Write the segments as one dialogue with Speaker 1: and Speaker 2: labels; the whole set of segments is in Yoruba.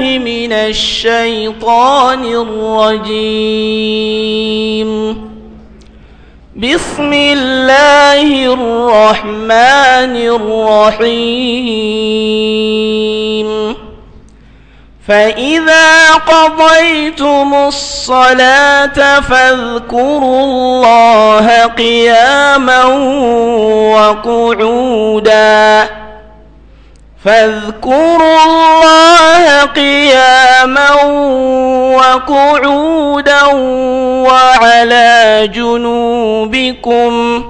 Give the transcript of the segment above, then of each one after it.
Speaker 1: من الشيطان الرجيم بسم الله الرحمن الرحيم فإذا قضيتم الصلاة فاذكروا الله قياما وقعوداً فاذكروا الله قياما وقعودا وعلى جنوبكم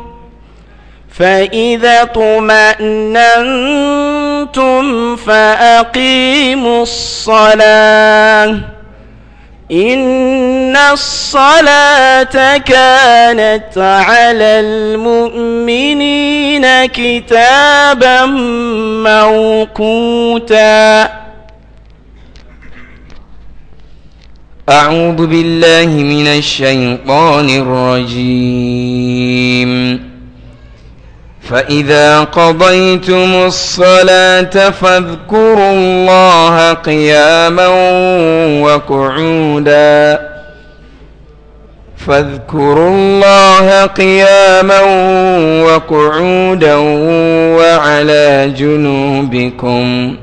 Speaker 1: فإذا طمأننتم فأقيموا الصلاة إن الصلاة كانت على المؤمنين كتابا موقوتا أعوذ بالله من الشيطان الرجيم فإذا قضيتم الصلاة فاذكروا الله قياما وقعودا فاذكروا الله قياما وقعودا وعلى جنوبكم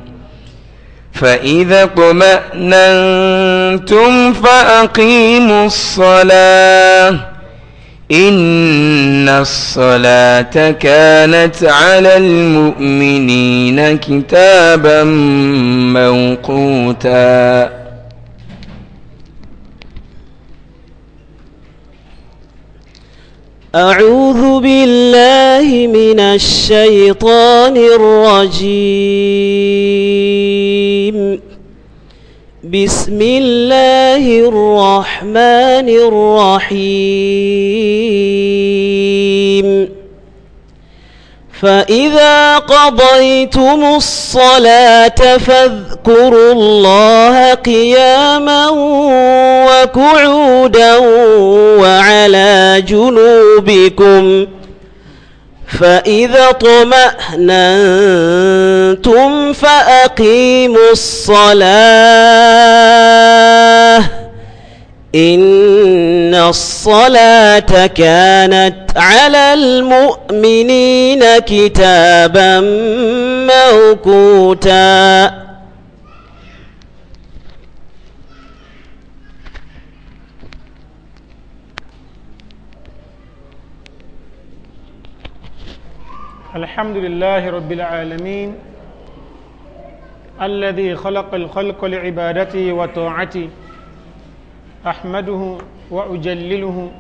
Speaker 1: فإذا اطمأننتم فأقيموا الصلاة إن الصلاة كانت على المؤمنين كتابا موقوتا أعوذ بالله من الشيطان الرجيم بسم الله الرحمن الرحيم فإذا قضيتم الصلاة فاذكروا الله قياما وقعودا وعلى جنوبكم فإذا طمأننتم فأقيموا الصلاة إن الصلاة كانت على المؤمنين كتابا موقوتا
Speaker 2: الحمد لله رب العالمين الذي خلق الخلق لعبادته وطاعته أحمده وأجلله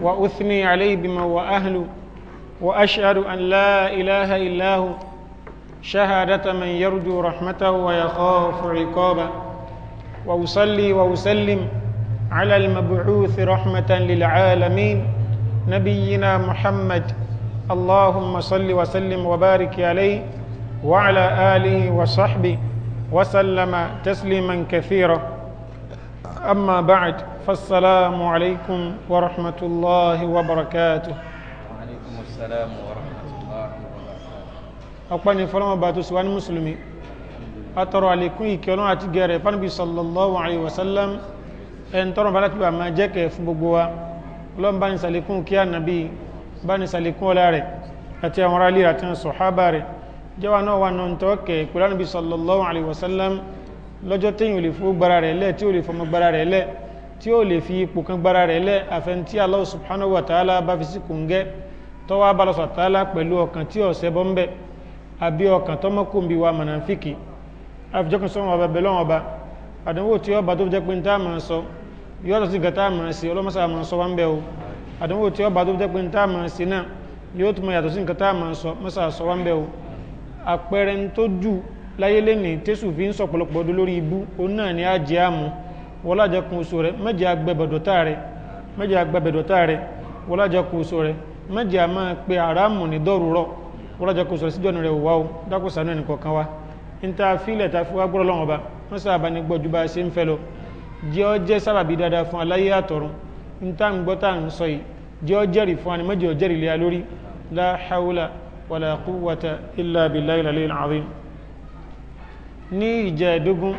Speaker 2: وأثني عليه بما وأهله وأشهد أن لا إله إلا هو شهادة من يرجو رحمته ويخاف عقابه وأصلي وأسلم على المبعوث رحمة للعالمين نبينا محمد اللهم صل وسلم وبارك عليه وعلى آله وصحبه وسلم تسليما كثيرا أما بعد فالسلام عليكم ورحمة الله وبركاته
Speaker 1: وعليكم السلام ورحمة الله وبركاته
Speaker 2: أقبل فلما باتوا سوان مسلمي أترى عليكم إكيونا أتجاري فنبي صلى الله عليه وسلم أن ترى بلاتبا ما جاك فبقوا لهم بان سالكم كيان نبي bá ní sàlékún ọlá rẹ̀ àti àwọn ará líra tí ń sọ̀hábà rẹ̀ jẹ́wà náà wà náà tó kẹ̀ pẹ̀lú ànábì sallallahu alaihi wasallam lọ́jọ́ téyìn ò lè fún gbára rẹ̀ lẹ̀ tí ò lè fọmọ gbára rẹ̀ lẹ̀ tí ò lè fi ipò kan gbára rẹ̀ lẹ̀ àfẹntí Allah subhanahu wa ta'ala bá fi sí kòǹgẹ́ tọ́wọ́ abalọ́sọ̀ ta'ala pẹ̀lú ọkàn tí ọ̀sẹ̀ bọ́ ń bẹ̀ àbí ọkàn tọ́mọ́kùnbi wa mọ̀nàfíkì àfijọ́kùn sọ́wọ́n ọba bẹ̀lọ́wọ́n ọba àdánwò tí ọba tó jẹ́ pé ń tá àmà sọ yọ́ọ̀tọ̀ sí gàtá àmà sí ọlọ́mọsà àmà sọ wá ń bẹ̀ o àdánwò tí ọba tó jẹ́ pé tá a máa ṣe náà yóò tún máa yàtọ̀ sí nǹkan tá a máa sọ mọ́sà sọ wá ń bẹ̀ o àpẹẹrẹ tó jù láyé lẹ́nì tẹ́sù fi ń sọ pọ̀lọpọ̀ ọdún lórí ibú òun náà ni á jẹ́ àmú wọ́lájẹkùn oṣù rẹ̀ mẹ́jẹ agbẹ̀bẹ̀dọ̀tà rẹ̀ mẹ́jẹ agbẹ̀bẹ̀dọ̀tà rẹ̀ wọ́lájẹkùn oṣù rẹ̀ mẹ́jẹ a máa pe àràmù ní dọ́rùrọ̀ wọ́lájẹkùn oṣù rẹ̀ síjọ́nù ba wọ́n sábà ní gbọ́jú bá a ṣe ń ń tá ń gbọ́ tá ń sọ yìí jẹ́ ọ jẹ́rìí fún wa ni mẹ́jọ jẹ́rìí lé lórí la hawla wala quwwata illa billahi al-aliyyil azim ní ìjẹ́ẹ̀dógún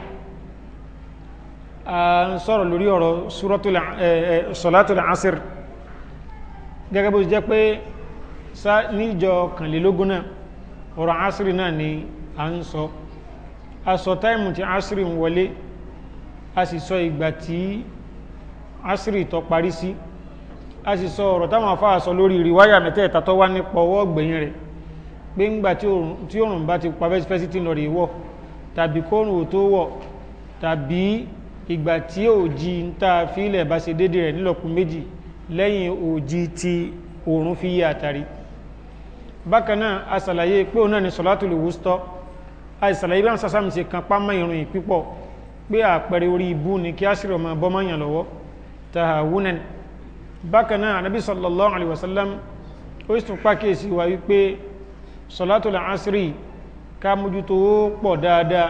Speaker 2: a ń sọ̀rọ̀ lórí ọ̀rọ̀ sọ̀látùl asir gẹ́gẹ́ bó jẹ́ pé níjọ kànlélógún náà ọ̀rọ̀ asiri náà ni a ń sọ a sọ táìmù tí asiri ń wọlé a sì sọ ìgbà tí asiri tó parí sí a sì sọ ọ̀rọ̀ táwọn afáà sọ lórí ìrìwáyà mẹ́tẹ̀ẹ̀ta tó wá nípa ọwọ́ ọ̀gbẹ̀yìn rẹ̀ pé ńgbà tí òrùn bá ti pa fẹ́sífẹ́sí tí ń lọ rè wọ̀ tàbí kóòrùn ò tó wọ̀ tàbí ìgbà tí òjì ń ta fílẹ̀ bá ṣe dédé rẹ̀ nílọ̀kùn méjì lẹ́yìn òjì tí òrùn fi yí àtàrí bákanáà a ṣàlàyé pé òun náà ni sọ̀látù lè wústọ́ a ṣàlàyé bí wọ́n sàṣàmì ṣe kan pámọ́ ìrùn ìpípọ̀ pé àpẹẹrẹ orí ibú ni kí á sì rọ̀ máa bọ́ mọ́yàn lọ́wọ́ tahawunan bákan náà anabi sallallahu alaihi wasallam ó sì tún pàkíyèsí wa wípé sọlátò làásírì ká mójútó pọ̀ dáadáa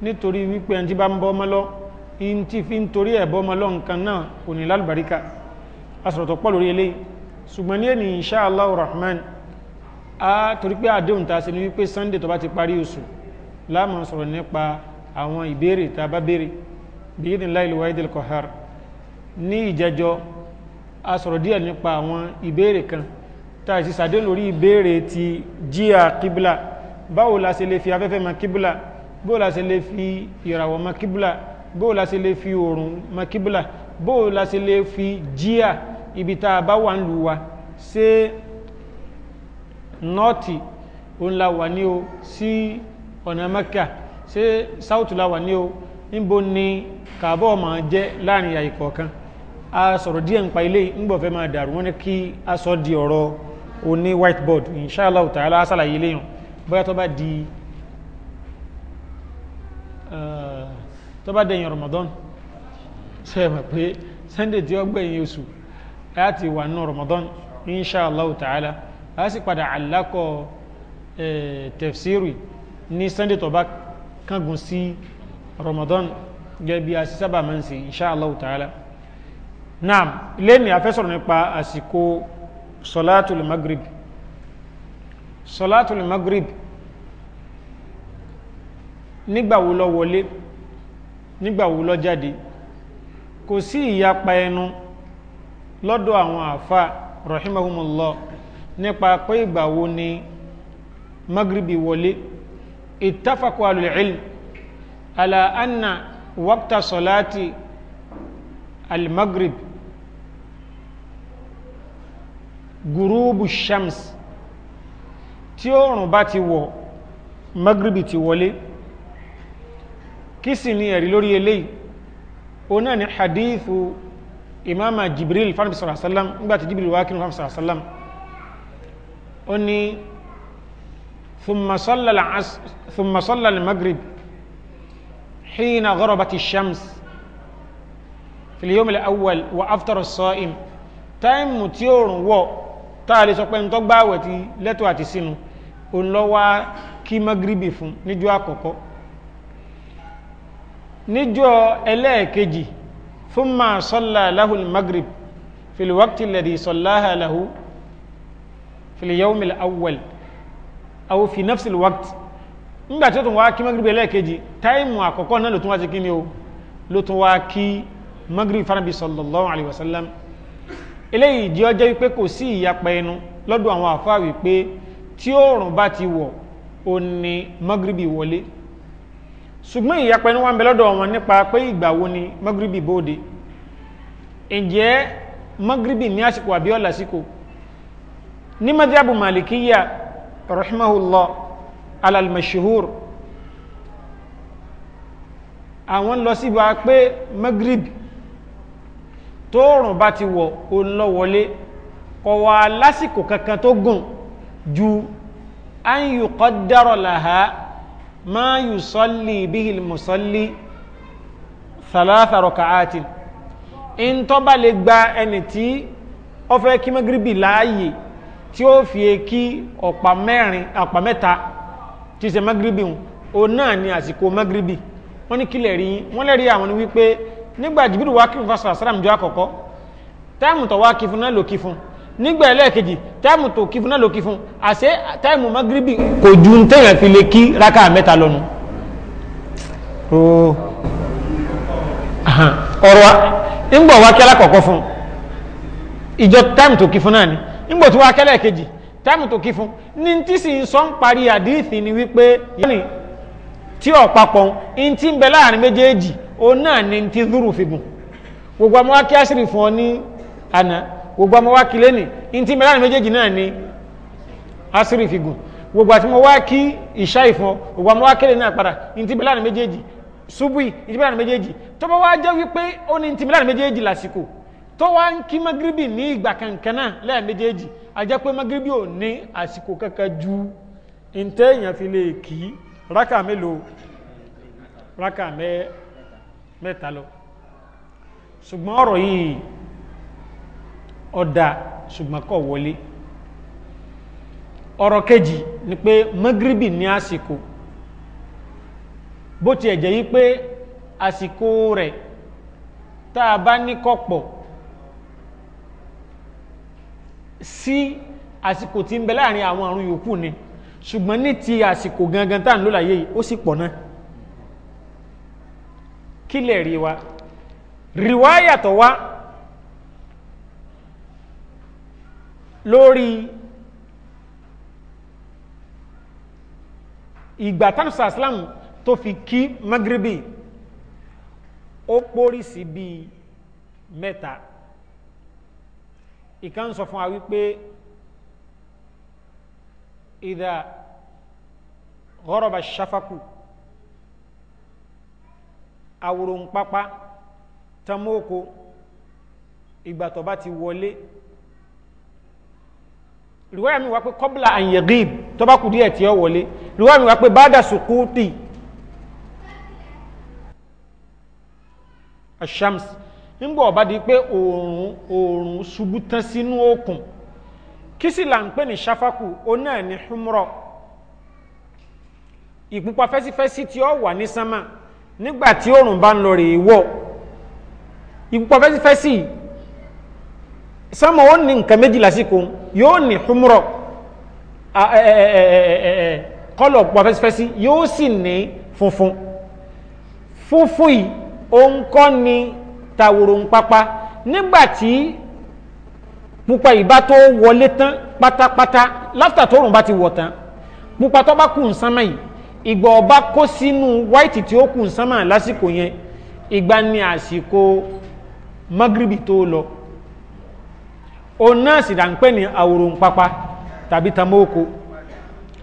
Speaker 2: nítorí wípé ẹni tí bá ń bọ́ ọmọ lọ in ti fi ń torí ẹ̀bọ́ ọmọ lọ nǹkan náà kò ní lálùbáríkà asọ̀rọ̀tọ̀ pọ̀ lórí eléyìí ṣùgbọ́n ní ènìyàn insha Allah rahman a torí pé àdéhùn ta sí ni wípé sunday tó bá ti parí oṣù láàmú sọ̀rọ̀ nípa àwọn ìbéèrè tá bá béèrè bí idhnillahi al ní ìjẹjọ a sọ̀rọ̀ díẹ̀ nípa àwọn ìbéèrè kan tàà sí sàdé lórí ìbéèrè ti jíà kíbílà báwo la ṣe lè fi afẹ́fẹ́ ma kíbílà bóò la ṣe lè fi ìràwọ̀ ma kíbílà bóò la se lè fi oòrùn ma kíbílà bóò la ṣe lè fi jíà ibi tá a bá wà ń lù wa ṣé nọ́ọ̀tì òun la wà ní o sí ọ̀nà mẹ́kà ṣé sáùtù la wà ní o níbo ni kàbọ̀ máa jẹ́ láàrin àyíkọ̀ọ̀kan a sọ̀rọ̀ díẹ̀ nípa ilé ńgbọ̀fẹ́ máa dàrú wọ́n ní kí a sọ di ọ̀rọ̀ oní whiteboard inshallah ta'ala sàlàyé ilé yàn bóyá tó bá di eh, tó bá dẹ̀yìn Ramadan ṣe mọ̀ pé Sunday tí ó gbẹ̀yìn oṣù láti wà nínú Ramadan inshallah ta'ala a sì padà alákọ̀ eh, tafsiri ní Sunday tó bá kángun sí Ramadan gẹ́gẹ́ a sì sábà máa ń ṣe inshallah ta'ala naam lẹ́ni afẹ́sọ̀rọ̀ nípa àsìkò sọlátùlù magrib sọlátùlù magrib nígbàwó lọ wọlé nígbàwó lọ jáde kò sí ìyapa ẹnu lọ́dọ̀ àwọn àfà rahimahumullah nípa pé ìgbàwó ni magribi wọlé ittafaqu alul-ilm ala anna al magrib gurubu shams tí oòrùn bá ti wọ̀ magribi ti wọlé kí sì ni ẹ̀rí lórí eléyìí o náà ni hadithu imama jibril fanabi sallallahu alaihi wasallam nígbàtí jibril wákínú fanabi sallallahu alaihi wasallam ó ní thumma salla al hina gharabati shams fil yawm al-awwal wa aftara as-sa'im táìmù tí oòrùn táà lè sọ pé ntọ́ gbáwẹ̀ ti lẹ́tọ̀ àti sínú òun lọ wá kí magribi fún níjọ́ àkọ́kọ́ níjọ́ ẹlẹ́ẹ̀kejì fún máa sọ́lá lahu magrib filiwakti lẹ́dí sọ́láha lahu filiyawmil awwal awo fi nafsil wakt nígbà tí ó tún wá kí magrib ẹlẹ́ẹ̀kejì táìmù àkọ́kọ́ náà ló tún wá ti kí eléyìí jẹ́ ọjọ́ wípé kò sí ìyapa ẹnu lọ́dọ̀ àwọn àfáà wípé tí oòrùn bá ti wọ̀ ó ní magribi wọlé ṣùgbọ́n ìyapa ẹnu wà ń bẹ lọ́dọ̀ wọn nípa pé ìgbà wo ni magribi bóde ǹjẹ́ magribi ní àsìkò àbí ọ̀làsìkò ní madhabu malikiya rahimahullah alalmashihur àwọn lọ síbi wa pé magribi tóòrùn bá ti wọ̀ ó lọ wọlé kọ̀ wá lásìkò kankan tó gùn ju an yuqaddara laha ma yusalli bihi al-musalli thalatha raka'atin in tó bá lè gba ẹni tí ó fẹ́ kí magribi láàyè tí ó fi kí ọ̀pá mẹ́ta tí ṣe magribi òun náà ni àsìkò magribi wọ́n ní kílẹ̀ rí wọ́n lẹ́rí àwọn wípé nígbà jìbìrì wá kírun fásitì àsálàm jọ àkọ́kọ́ táìmù tó wá kí fún náà ló kí fún nígbà ẹlẹ́ẹ̀kejì táìmù tó kí náà ló kí àṣẹ táìmù magribi kò ju ń tẹ̀yàn fi lè kí rákà mẹ́ta lọ́nu. ọ̀rọ̀ ńgbọ̀ wá kí alákọ̀ọ́kọ́ fún ìjọ táìmù tó kí fún náà ni ńgbọ̀ tó wá kí ẹlẹ́ẹ̀kejì táìmù tó kí fún ní tí sì ń sọ ń parí àdíìsì Ona náà ni ti dúró fi gùn gbogbo ọmọ wa kí á sírì fún ọ ní àná gbogbo ọmọ wa kí lẹ́nì ní ti mẹ́láàrin méjèèjì náà ni á sírì fi gùn gbogbo àti mo wá kí ìṣá ìfún ọ gbogbo ọmọ wa kí lẹ́nì náà padà ní ti méjèèjì ṣubú ní ti mẹ́láàrin méjèèjì tó bá jẹ́ wípé ó ní ti mẹ́láàrin méjèèjì lásìkò tó ń kí magribi ní ìgbà kankan náà lẹ́ẹ̀ méjèèjì a pé magribi ò ní àsìkò kankan ju ntẹ́yìn àfi lè kí rákà mélòó rákà mẹ́ẹ́ mẹ́ta lọ ṣùgbọ́n ọ̀rọ̀ yìí ọ̀dà ṣùgbọ́n kọ̀ wọlé ọ̀rọ̀ kejì ni pé magribi ní àsìkò bó ti ẹ̀jẹ̀ yí pé àsìkò rẹ̀ tá a bá ní kọ̀pọ̀ sí àsìkò tí ń bẹ láàrin àwọn àrùn yòókù ni ṣùgbọ́n ní ti àsìkò gangan tá ń lò yìí ó sì pọ̀ náà kílẹ̀ rí wa rìwáyà tó wá lórí ìgbà tánùsà islam tó fi kí magribi ó pórí sí bí mẹ́ta ìkan sọ fún wa wípé ìdá gọ́rọ̀bà ṣáfàkù àwòrán pápá tamóko ìgbà tó bá ti wọlé riwaya mi wá pé kọ́bùlà àyẹ̀gìb tó bá kù díẹ̀ tí ó wọlé riwaya mi wá pé bádà sùkúùtì ashams nígbà ọba di pé oòrùn oòrùn ṣubú tán sínú òkun kí sì là ń pè ní ṣáfákù ó náà ní humrọ ìpupa fẹsifẹsi tí ó wà ní sánmà nígbà tí oòrùn bá ń lọ rèé wọ̀ ìpọ̀ fẹ́sífẹ́sì sánmọ̀ ó ní nǹkan méjì lásìkò yóò ní húmúrọ̀ kọlọ̀ pọ̀ fẹ́sífẹ́sí yóò sì ní funfun funfun yìí òun kọ́ ni tàwòrò ń pápá nígbà tí pupa ìbá tó wọlé tán pátápátá látà tóòrùn bá ti wọ̀ tán pupa tó bá kù ń sánmọ̀ yìí ìgbà ọba kó sínú wáìtì tí ó kù sánmà lásìkò yẹn ìgbà ni àsìkò magribi tó lọ o náà sì dà ní àwòrán pápá tàbí tamóko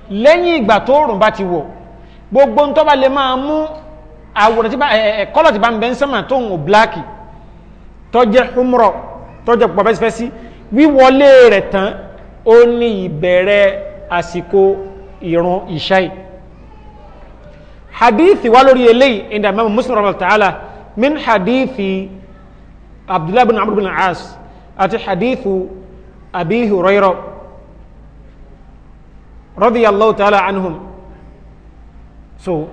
Speaker 2: lẹ́yìn ìgbà tó rùn ti wọ̀ gbogbo ń tọ́ba lè máa mú àwòrán tí bá ẹ̀ kọ́lọ̀ tí bá ń bẹ́ ń sánmà tó ń bláàkì tọ́jẹ́ humrọ̀ tọ́jẹ́ wíwọlé rẹ̀ tán ó ní hadithi wa lórí eléyìí inda imam muslim rahmatullahi ta'ala min hadithi abdullah bin amr bin al-as àti hadithu abi hurairah radiyallahu ta'ala anhum so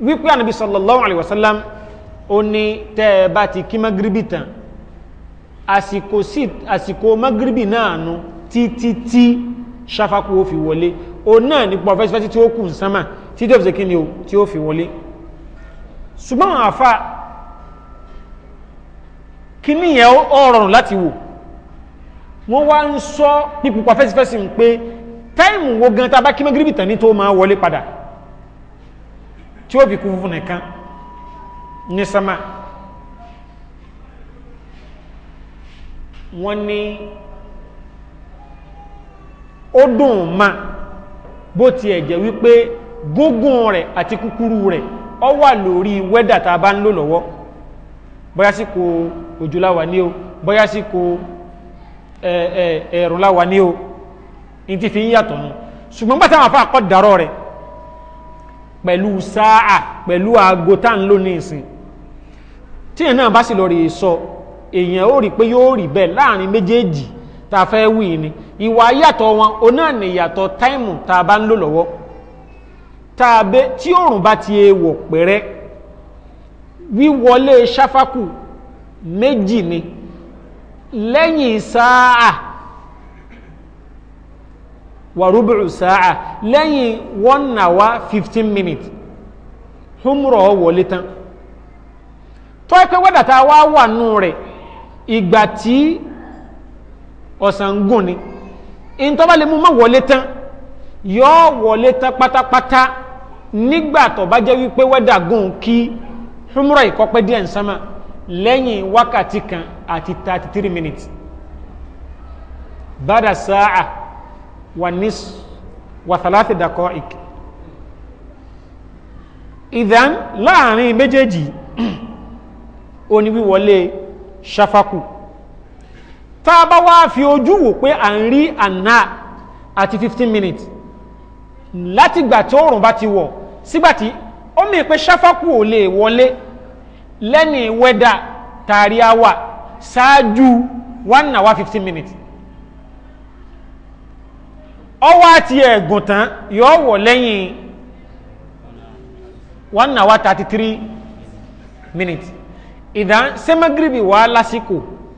Speaker 2: wípé ànàbí sallallahu alaihi wasallam ó ní tẹ́ bá ti kí magribi tán àsìkò sí àsìkò magribi náà nù títí tí sáfàkú ó fi wọlé o náà ní pọ̀fẹ́sífẹ́sí tí ó kù ń sánmà tí jọ́bù ṣe kí ni o tí ó fi wọlé ṣùgbọ́n àfa kí ni yẹn ó rọrùn láti wò wọ́n wá ń sọ pípupa fẹ́sifẹ́si ń pé táìmù wo gan tá a bá kí mẹ́gírìbì tán ní tó máa wọlé padà tí ó fi kú fún nìkan ní sámà wọ́n ní ó dùn ma bó tiẹ̀ jẹ́ wípé gúngùn rẹ̀ àti kúkúrú rẹ̀ ọ wà lórí wẹ́dà tá a bá ń lò lọ́wọ́ bóyá sí kò òjò láwà ní o bóyá sí kò ẹ̀rùn láwà ní o ní ti fi ń yàtọ̀ nù ṣùgbọ́n bá táwọn afá kọ́ rẹ̀ pẹ̀lú sáà pẹ̀lú aago tá ń lò ní ìsìn tí èèyàn náà bá sì lọ rí sọ èèyàn ó rí pé yóò rí bẹ́ẹ̀ láàrin méjèèjì tá fẹ́ wí ni ìwà yàtọ̀ wọn onáà nìyàtọ̀ táìmù tá a bá ń lò lọ́wọ́ tàbí tí òrùn bá ti ewọ̀ pẹ̀rẹ́ wíwọlé ṣáfákù méjì ni lẹ́yìn sáà wàrúbùrù sáà lẹ́yìn one hour fifteen minutes húnmùrọ̀ wọlé tán tó ẹ wẹ́dàtà wá wà nù rẹ̀ ìgbà tí ọ̀sán gùn ni mú mọ́ wọlé nígbà tó bá jẹ́ wípé wẹ́dà gùn kí humra ìkọ́pẹ́ díẹ̀ ń sánmà lẹ́yìn wákàtí kan àti 33 minutes bada sáà wà ní wàtàláfì dakọ́ ìk ìdán láàrin méjèèjì oníwíwọlé ṣafaku tá a bá fi ojú wò pé à ń rí àná àti 15 minutes látìgbà tí oòrùn bá ti wọ̀ sígbàtí ó mì pé ṣáfákù ò lè wọlé lẹ́ni wẹ́dà tààrí àwà ṣáájú one hour fifteen minutes ọwọ́ àti ẹ̀gùn tán yóò wọ̀ lẹ́yìn one hour thirty three minutes ìdán sẹ́mẹ́gírìbì wà lásìkò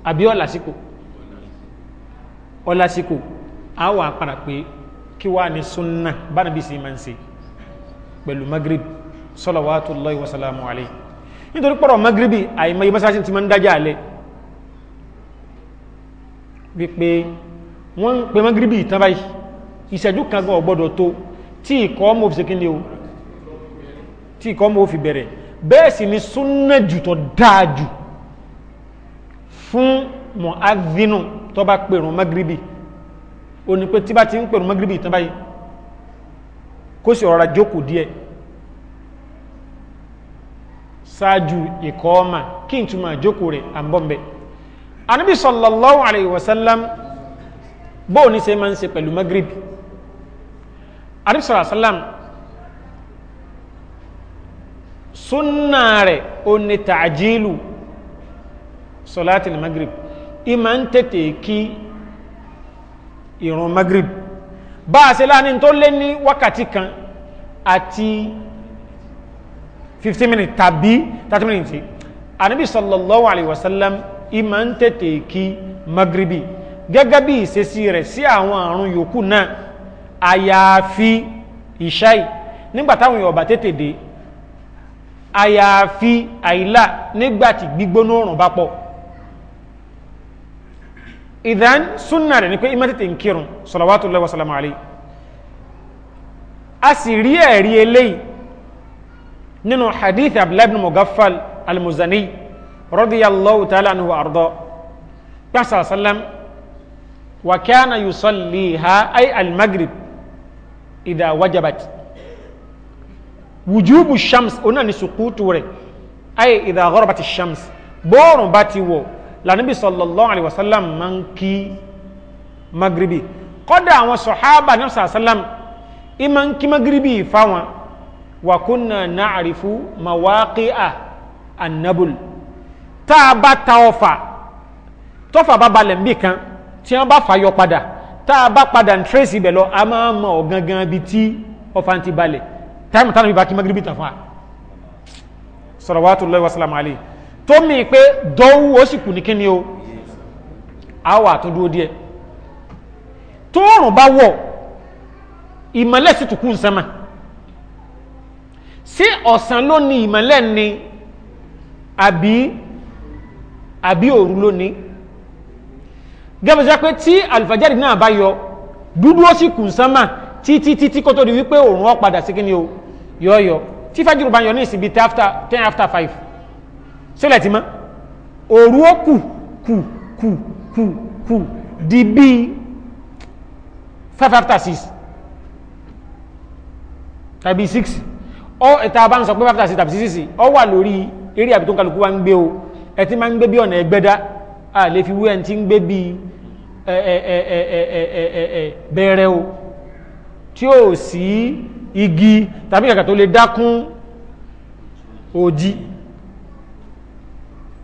Speaker 2: àbí ọ̀làsìkò ọ̀làsìkò àwọn àpàrà pé kí wá ní súnnà bánàbí sí máa ń ṣe pẹ̀lú magrib salawatullahi wa salamu alayhi nítorí pọ̀rọ̀ magribi àìmọye mọ́sáṣí ti máa ń dájá alẹ́ wípé wọ́n ń pe magribi ìtàn báyìí ìṣẹ́jú kan gan ọ̀gbọ́dọ̀ tó tí ìkọ́ mọ́ fi ṣe kí o tí ìkọ́ mọ́ fi bẹ̀rẹ̀ bẹ́ẹ̀ sì ni súnnà jù tó dáa jù fún mọ̀ adínú tó bá pèrún magribi ó ní pé tí bá ti ń pèrún mọ́gíríbì ìtàn báyìí kó sì rọra jókòó díẹ̀ ṣáájú ìkọ́ ọmọ kí n túnmọ̀ jókòó rẹ̀ àbọ̀m̀bẹ̀ anábì sallallahu alayhi wa sallam bóò ní ṣe máa ń ṣe pẹ̀lú mọ́gíríbì anábì sallallahu alayhi wa sallam súnà rẹ̀ ó ní tàjílù sọláàtì ní mọ́gíríbì ń tètè kí ìrun magrib bá a ṣe láàrin tó lé ní wákàtí kan àti 15 minutes tàbí 30 minutes anabi sallallahu alaihi wasallam ima ń tètè kí magribi gẹ́gẹ́ bí ìṣesí rẹ̀ sí àwọn àrùn yòókù náà àyàfi ìṣáì nígbàtàwọn yọ̀ọ̀bà tètè dé àyàfi àìlà nígbàtí gbígbóná òrùn bá pọ̀ ìdán súnà rẹ̀ ní pé imẹ́tẹ̀tẹ̀ ń kírun salawatullahi wa salamu alayhi a sì rí ẹ̀rí eléyìí nínú hadith abdullahi ibn mugaffal al-muzani radiyallahu ta'ala anhu wa ardọ́ pẹ́sà sallam wa kana yusalliha ay al-maghrib idha wajabat wujubu shams onáni sukutu rẹ̀ ay idha gharabat shams bóòrùn bá ti lànàbí sallallahu alaihi wasallam máa ń kí magribi kọ́dà àwọn sọ̀hábà ní ọ̀sán àsálàm ìmọ̀ ń kí magribi fáwọn wa kunna na'rifu mawaqi'a annabul tá a bá ta ọfà tọ́fà bá balẹ̀ ń bì kan tí wọ́n bá fàyọ padà tá a bá padà ń tírèsì ibẹ̀ lọ a máa mọ̀ ọ́ gangan tí ọfà ti balẹ̀ táìmù tó mi pé dọ́wú ó sì kù ní kíni o a wà tó dúró díẹ̀ tóòrùn bá wọ̀ ìmọ̀lẹ̀ sì tùkú nsánmà sí ọ̀sán ló ní ìmọ̀lẹ̀ ni àbí àbí òru ló ní gẹ́gẹ́ pé tí alfajari náà bá yọ dúdú ó sì kù nsánmà títí títí kó tó di wípé òrùn ó padà sí kíni o yọ yọ tí fájìrù bá yọ ní ìsìn ten after five sílẹ̀ ti mọ́ òru ó kù kù kù kù kù di bíi five after six tàbí six ọ ìta bá ń sọ pé five after six tàbí six ọ wà lórí eré àbí tó ń kálukú wa ń gbé o ẹ ti máa ń gbé bí ọ̀nà ẹgbẹ́dá a lè fi wú ẹni tí ń gbé bí bẹ̀rẹ̀ o tí ó sí igi tàbí kàkà tó lè dákún òjì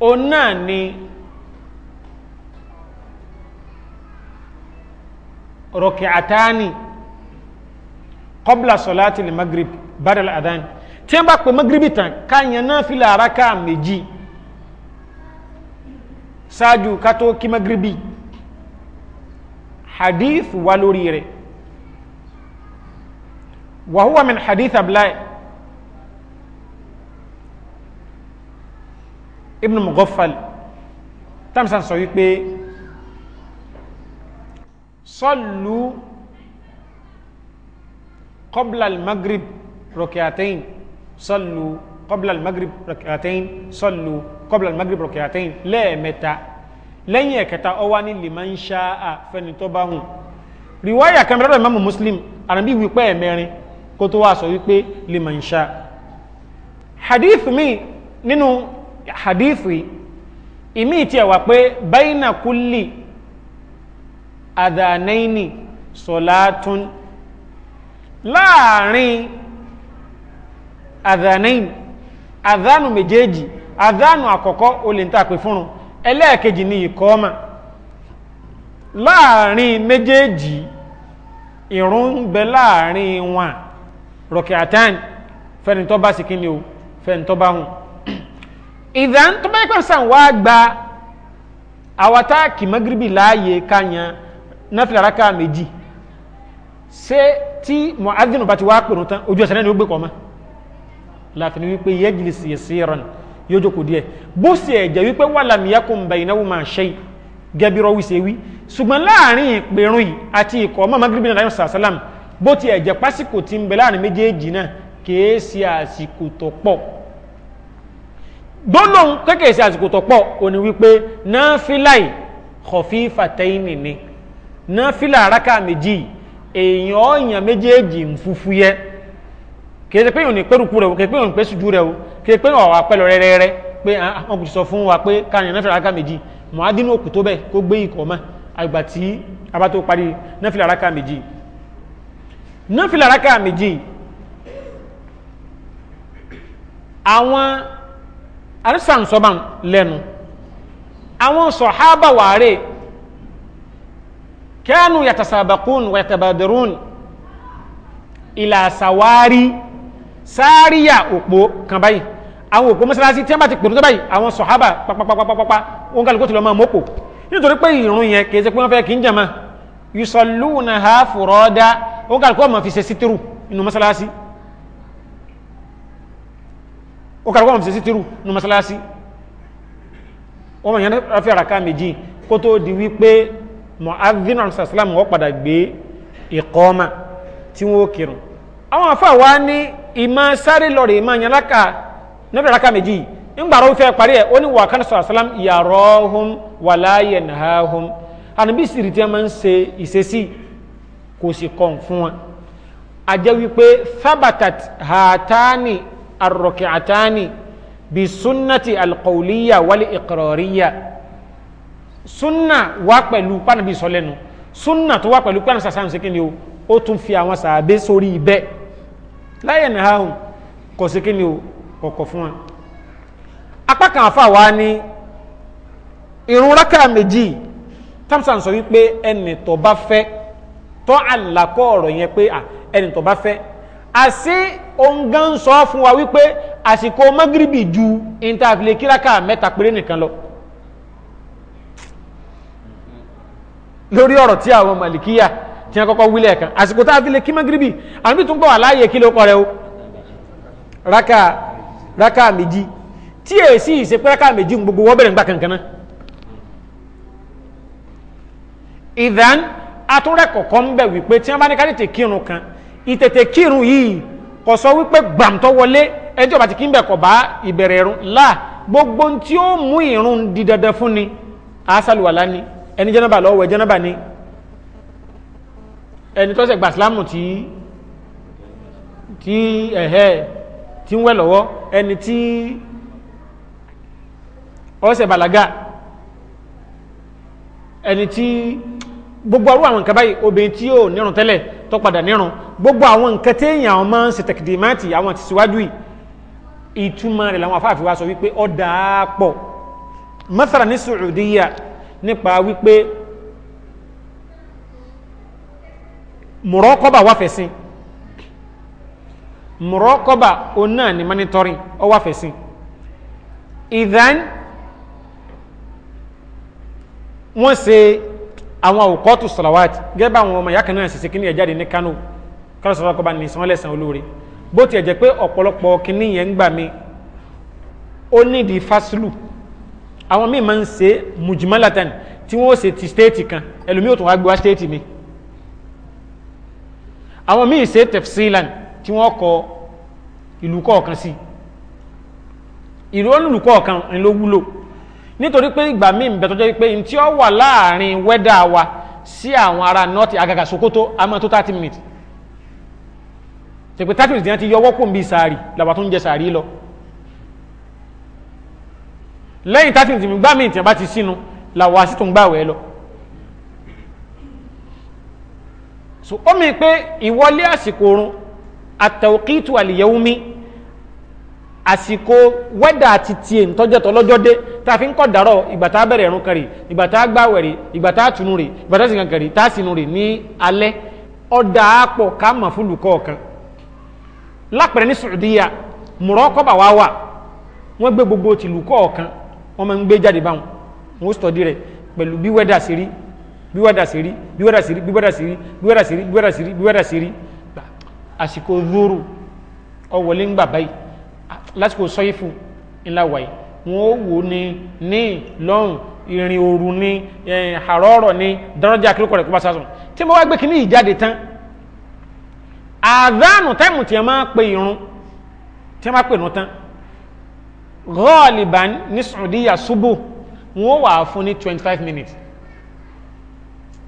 Speaker 2: òun náà ni rọ̀kìátání kọ́bla sọ̀láti lè magrib badal adán tí wọ́n bá pè magribi tán káyàn náà fi lára ká méjì ṣáájú ká tó kí magribi hadith wa lórí rẹ̀ wàhúwà hadith abdullahi ibn mughaffal tamsan sọ wípé sallu qabla al-maghrib rak'atayn sallu qabla al-maghrib rak'atayn sallu qabla al-maghrib rak'atayn lẹ́ẹ̀mẹ́ta lẹ́yìn ẹ̀kẹta ó wà ní liman sha'a fẹ́ni tó bá hùn riwaya kẹmẹrẹ rẹ̀ mọ́mù muslim àrùnbí wípé ẹ̀mẹ́rin kó tó wá sọ wípé liman sha'a hadith mi nínú hadithi ìmí tí a wà pé bayna kulli adhanaini solatun láàrin adhanaini adhanu méjèèjì adhanu àkọ́kọ́ o lè ń tàpé fúnrun ẹlẹ́ẹ̀kejì ni ìkọ́ọ́mà láàrin méjèèjì ìrun ń bẹ láàrin wọn rọ̀kẹ̀ àtàn fẹ́ni tó o fẹ́ni tó bá ìdán tó bá yẹ pé sàn wá gba àwọn tá a kì magiribi láàyè káyan náfìlára ká méjì ṣé tí mu'adhdhin bá ti wá pèrò tán ojú ẹsẹ̀ náà ni ó gbé kọ́ mọ́ láàfin wípé yajlis yasiran yóò jókòó díẹ̀ bó sì ẹ̀jẹ̀ wípé walam yakun baynahuma shay gẹ́bírọ́ wí ṣe wí ṣùgbọ́n láàrin ìpèrún yìí àti ikọ̀ ọmọ magiribi náà sàlám bó ti ẹ̀jẹ̀ pásíkò ti ń bẹ láàrin méjèèjì náà kèé ṣe àsìkò tó pọ̀ gbólóhùn kékeré sí àsìkò tó pọ̀ òní wípé náfíláì kọfífàtẹ́yìnì ni náfílà àràkà méjì èèyàn ọ̀yàn méjèèjì ń fúfú yẹ kìí pé òní pẹ́rùkú rẹ̀ kìí pé òní pẹ́ sùjú rẹ̀ o kìí pé ọ̀wà pẹ́lọ rẹ́rẹ́rẹ́ pé àwọn ah, kò ah, sọ fún wa pé káàyàn náfílà àràkà méjì mọ̀ádínú òkú tó bẹ́ẹ̀ kó gbé ikọ̀ mọ́ àgbà tí a bá tó parí náfílà àràkà méjì náfílà àràkà méjì àwọn àrísà ń sọ́bà lẹ́nu àwọn sọ̀hábà wàárẹ̀ kẹ́nu yàtàsàbàkún wàtàbàdìrún ìlàsàwárí sáríyà òpó kan báyìí àwọn òpó mọ́sálásí tí wọ́n bá ti pèrú tó báyìí àwọn sọ̀hábà pàpàpàpàpàpà wọn kálukú ti lọ máa mọ́kò nítorí pé ìrún yẹn kìí ṣe pé wọ́n fẹ́ kí ń jàmá yusọ̀lúùnà ha fùrọ́dá wọn kálukú ó kàrọ̀ wọ́n sí tírù ní masalasi wọ́n mọ̀ yẹn rafi àràká méjì kó tó di wípé mọ̀adínà sàsílámù wọ́n padà gbé ìkọ́ọ́mà tí wọ́n kírun àwọn afá wa ní ìmọ̀ sáré lọ́rẹ̀ ìmọ̀ yẹn láka níbi àràká méjì ńgbàrọ̀ fẹ́ الركعتان بسنة القولية والإقرارية sunna wá pẹ̀lú pánàbí sọlẹ́nu sunna tó wá pẹ̀lú pánàbí sàṣà ṣe kíni o ó tún fi àwọn sàábé sórí ibẹ̀ láyé náà hàn kò sí kíni o kọ̀kọ̀ fún wa apá kan àfa wa ni irun rákà méjì tamsan sọ wípé ẹnì bá fẹ́ tó àlàkọ́ ọ̀rọ̀ yẹn pé ẹnì bá fẹ́ àṣí òǹgán sọ fún wa wípé àsìkò magribi ju intafile kíráka mẹ́ta péré nìkan lọ lórí ọ̀rọ̀ tí àwọn malikiya tí a kọ́kọ́ wílẹ̀ kan àsìkò tá kí magribi àmì tún pọ̀ aláyè kí ló kọrẹ o raka raka méjì tí è sí ìse pé raka méjì gbogbo wọ́n bẹ̀rẹ̀ ń gbà kankan náà ìdán atúnrẹ́kọ̀ọ́kọ́ ń bẹ̀ wípé tí wọ́n bá ní ká kírun kan ìtètè kírun yìí kò sọ wípé gbàǹtọ́ wọlé ẹjọ́ bàtí kí n bẹ̀ kọ̀ bá ìbẹ̀rẹ̀ ẹ̀rùn là gbogbo tí ó mú ìrun di dandan fún ni asálùwàlá ni ẹni jẹ́nàbà lọ́wọ́ jẹ́nàbà ni ẹni tọ́sẹ̀ gbà sílámù tí tí ẹ̀hẹ́ tí ń wẹ̀ lọ́wọ́ ẹni tí ọ̀sẹ̀ bàlágà ẹni tí gbogbo arú àwọn nǹkan báyìí obìnrin tí yóò nírun tẹ́lẹ̀ tó padà nírun gbogbo àwọn nǹkan téèyàn àwọn máa ń ṣe tẹkìdìmáàtì àwọn àti síwájú yìí ìtumọ̀ rẹ̀ làwọn afáàfin wa sọ wípé ó dàá pọ̀ mọ́sára ní Saudiya nípa wípé mùrọ́kọ́bà wà fẹ̀sìn mùrọ́kọ́bà òun náà ni monitoring ó wà fẹ̀sìn ìdán wọ́n ṣe àwọn àwòkọ́tù sọ̀làwàtì gẹ́gẹ́ bá àwọn ọmọ ìyá kan náà ṣiṣẹ́ kí ní ẹ̀jáde ní Kánò kọ́lọ̀ sọ̀rọ̀ kọ́ba ní ìsanwó lẹ́sàn olóore bó tiẹ̀ jẹ́ pé ọ̀pọ̀lọpọ̀ kìíní yẹn ń gbà mí ó nídìí fásilù àwọn míì máa ń ṣe mùjìmálàtàn tí wọ́n ṣe ti stéètì kan ẹlòmíì ò wá gbé wá stéètì mi àwọn míì ṣe tẹ̀fsílan tí wọ́n kọ ìlú kọ̀ọ̀kan sí ìlú olùkọ̀ọ̀kan ló wúlò nítorí pé ìgbà míì ń bẹ tó jẹ́ pé n tí ó wà láàrin wẹ́dà wa sí àwọn ará north àgàgà Sokoto a máa tó thirty minutes tẹ̀pẹ́ thirty minutes ni wọ́n ti yọwọ́ kò ń bí sàárì làwọn tó ń jẹ sàárì lọ lẹ́yìn thirty minutes gbá míì tí wọ́n bá ti sínú làwọn àṣìtò ń gbàwẹ̀ lọ so ó mi pé ìwọlé àsìkò oorun àtàwọ̀kìtù àlìyẹ̀wùmí àsìkò wẹ́dà àti tiẹ̀ ntọ́jẹ́ tọ́lọ́jọ́ dé tá a fi ń kọ́ dàrọ́ ìgbà tá a bẹ̀rẹ̀ ẹ̀rún kẹrì ìgbà tá a gbàwẹ̀ rì ìgbà tá a tunu rì ìgbà tá ní alẹ́ ọ̀dà àpọ̀ ká mà fún lùkọ́ kan lápẹ̀rẹ̀ ní Saudiya Morocco wa wà wọ́n gbé gbogbo ti lùkọ́ kan wọ́n máa ń gbé jáde báwọn wọ́n sọ̀dí rẹ̀ pẹ̀lú bí wẹ́dà sí rí bí wẹ́dà sí rí bí wẹ́dà sí rí bí wẹ́dà sí rí bí wẹ́dà sí rí bí wẹ́dà sí rí àsìkò zuru ọ̀wọ́lé ń gbà báyìí lásìkò sọ́yífù ńlá wáyé wọ́n wò ní ní lọ́rùn ìrìn òru ní àrọ́ọ̀rọ̀ ní dánrọ́jà kílùkọ̀ rẹ̀ kó bá sásùn tí mo wá gbé kíní ìjáde tán àdánù táìmù tí a máa pe irun tí a máa pe irun tán gọ́ọ̀lìbà ní sùdíyà ṣubú wọ́n wà fún ní 25 minutes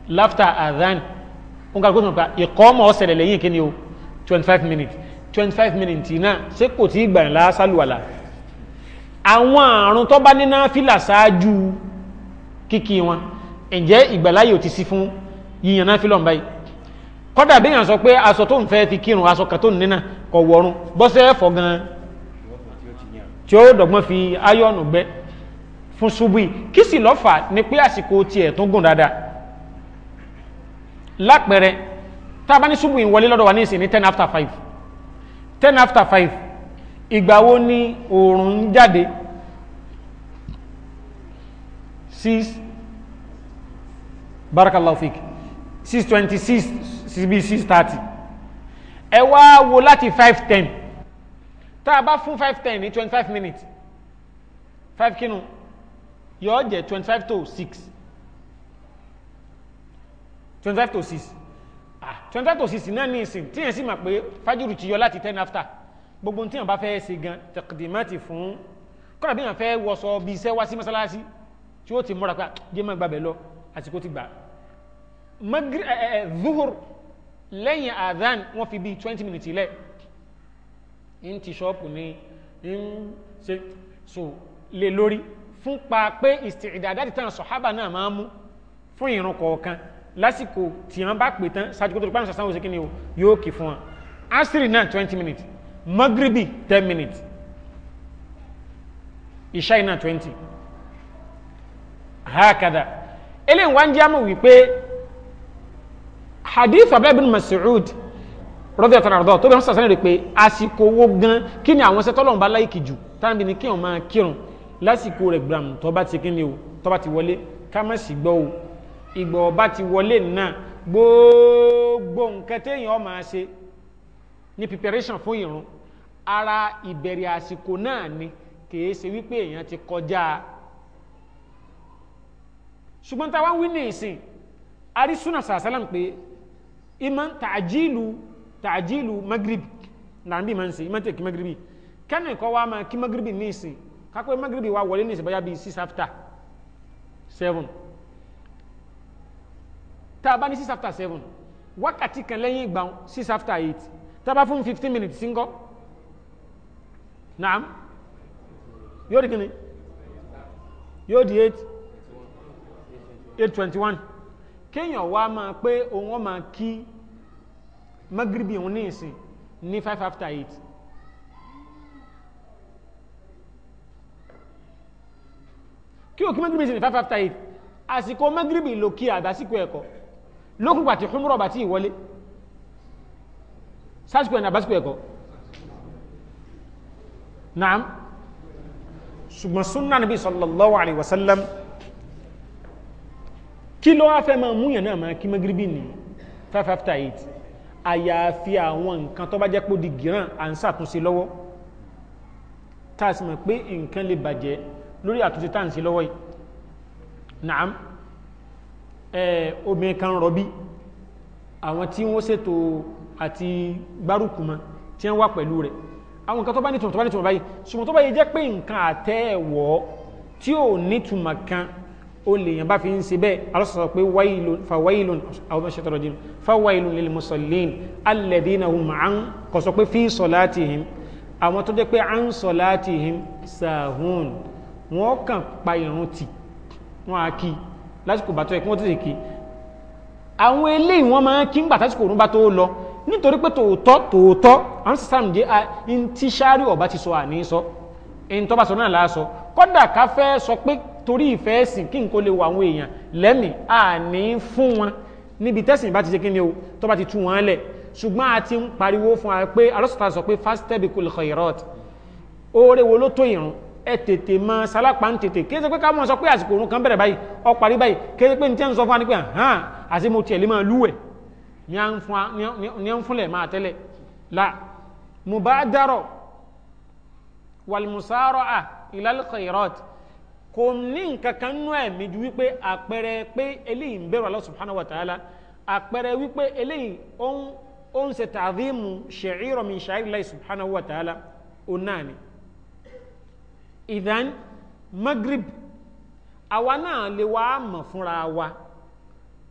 Speaker 2: láftà àdánù ó ń kàgbé ìkọ́ ọmọ ọ̀sẹ̀lẹ̀ lẹ́yìn kíní o 25 minutes twenty five minutes náà ṣé kò tí ì gbà ńlá sálùwàlà àwọn àrùn tó bá níná fìlà ṣáájú kíkí wọn ǹjẹ́ ìgbàláyè ò ti sí fún yíyan náà fìlọ̀ báyìí kọ́dà bí yàn sọ pé aṣọ tó ń fẹ́ fi kírun aṣọ kan tó ń nínà kọ̀ wọ̀run bọ́sẹ̀ ẹ̀fọ́ gan-an tí ó dọ̀gbọ́n fi áyọ̀nù gbẹ fún ṣubú yìí kí sì lọ́fà ni pé àsìkò tiẹ̀ tó gùn dáadáa lápẹẹrẹ tá a bá ní ṣubú yìí wọlé lọ́dọ̀ wa ní ìsìn ní ten after five ten after five ìgbà wo ni oòrùn ń jáde six barakallahu fik six twenty six six bíi six thirty ẹ wá wo láti five ten tá a bá fún five ten ní twenty five minutes five kinu yóò jẹ twenty five to six twenty five to six Ah, twenty to sixty náà ní ìsìn tí yẹn sì mà pé fájúrù ti yọ láti ten after gbogbo tí yẹn bá fẹ́ ṣe gan tẹkìdìmọ́tì fún kọ́nà bí yẹn fẹ́ wọṣọ bí iṣẹ́ wá sí mọ́sálásí tí ó ti múra pé ah, jẹ́ máa gbàbẹ̀ lọ àsìkò ti gbà eh, eh, zuhur lẹ́yìn adhan wọ́n fi bí twenty minutes lẹ̀ ń ti ṣọ́ọ̀pù ní ń ṣe so lè lórí fún pa pé ìsìtìdàdá ti tàn sọ̀hábà náà máa mú fún ìrun kọ̀ọ̀kan lásìkò tí wọ́n bá pè tán ṣáájú kó tó pàmò sàṣán òsèkí ni yóò kì fún wọn asiri náà twenty minutes magribi ten minutes ìṣáì náà twenty hakada eléyìí wá ń jẹ́ àmọ́ wípé hadith abẹ́ bin Mas'ud rọ́dí ọ̀tàn àrọ́dọ̀ tó bẹ̀ wọ́n sàṣán rẹ̀ pé àsìkò owó gan kí ni àwọn sẹ́tọ́lọ̀ ń bá láìkì jù táwọn bí ni kí wọ́n máa kírun lásìkò rẹ̀ gbàm tó bá ti kí ni o tó bá ti wọlé ká má sì gbọ́ o ìgbà ọba ti wọlé náà gbogbo nǹkan téèyàn máa ṣe ní preparation fún ìrun ara ìbẹ̀rẹ̀ àsìkò náà ni kìí ṣe wípé èèyàn ti kọjá ṣùgbọ́n táwa ń wí ní ìsìn arísúnà sàásálàm pé ìmọ̀ tàjílù tàjílù magrib náà bí máa ń ṣe ìmọ̀ tẹ̀ kí magribi kẹ́nì kọ́ wa máa kí magribi ní ìsìn kápẹ́ magribi wa wọlé ní ìsìn báyà bíi six after seven tá a bá ní six after seven wákàtí kan lẹ́yìn ìgbà six after eight tá a bá fún fifteen minutes ńkọ́ naam yóò di kíni yóò di eight eight twenty one kéèyàn wá máa pé òun ọmọ kí magribi òun ní ìsìn ní five after eight kí o kí magribi ìsìn ní five after eight àsìkò magribi ló kí àbásíkò ẹ̀kọ́ lókùn pàtí húnmúrọ̀ bàtí ìwọlé sásìkò ẹ̀nà àbásìkò ẹ̀kọ́ naam ṣùgbọ́n súnnà nàbí sallallahu alaihi wasallam kí ló wá fẹ́ máa múyàn náà máa kí magribi ní 558 àyàfi àwọn nǹkan tó bá jẹ́ pò di gíràn à ń sàtúnṣe lọ́wọ́ tá a sì mọ̀ pé nǹkan lè bàjẹ́ lórí àtúnṣe tá ń ṣe lọ́wọ́ yìí naam obìnrin kan rọbí àwọn tí wọ́n ṣètò àti gbárùkù mọ́ tí wọ́n wà pẹ̀lú rẹ̀ àwọn nǹkan tó bá nítumọ̀ tó bá nítumọ̀ báyìí ṣùgbọ́n tó bá yẹ jẹ́ pé nǹkan àtẹ́ẹ̀wọ̀ tí ò nítumọ̀ kan ó lè yàn bá fi ń ṣe bẹ́ẹ̀ alọ́sọ̀sọ̀ pé wailun fa wailun àwọn ọmọ ṣètò rọ̀jìn fa wailun lil musallin alladhina hum an kò sọ pé fi salatihim àwọn tó jẹ́ pé an salatihim sahun wọ́n kàn pa ìrun tì wọ́n á kí i lásìkò bàtọ́ ẹ̀kún títí kí àwọn eléyìí wọ́n máa kí ń gbà tásìkò òun bá tó lọ nítorí pé tòótọ́ tòótọ́ àwọn sísàm jẹ́ in tí sáárì ọ̀bá ti sọ àní sọ in tó bá sọ náà láàsọ kọ́dà ká fẹ́ sọ pé torí ìfẹ́ ẹ̀sìn kí n kó lè wọ àwọn èèyàn lẹ́mì àní fún wọn níbi tẹ́sìn bá ti ṣe kí ni o tó bá ti tú wọn lẹ̀ ṣùgbọ́n a ti ń pariwo fún wa pé alọ́sọ̀tà sọ pé fásitẹ́bì kò lè kọ ìrọ́ọ̀tì ẹ tètè mọ sálápá ń tètè kí ẹ sọ pé káwọn sọ pé àsìkò òun kan bẹ̀rẹ̀ báyìí ọ parí báyìí kí ẹ pé ní tí ń sọ fún wa ni àti mo tiẹ̀ máa lúwẹ̀ ní à ń fúnlẹ̀ máa tẹ́lẹ̀ la mubadaro walmusaro a ilal khairat kò ní nǹkan kan nú ẹ̀mí ju wípé àpẹẹrẹ pé eléyìí ń bẹ̀rù Allah subhanahu wa ta'ala wípé eléyìí ó ń ṣe ta'dhimu sha'iran min sha'irillahi subhanahu wa ta'ala ó náà ni ìdán magrib àwa náà lè wá mọ̀ fúnra wa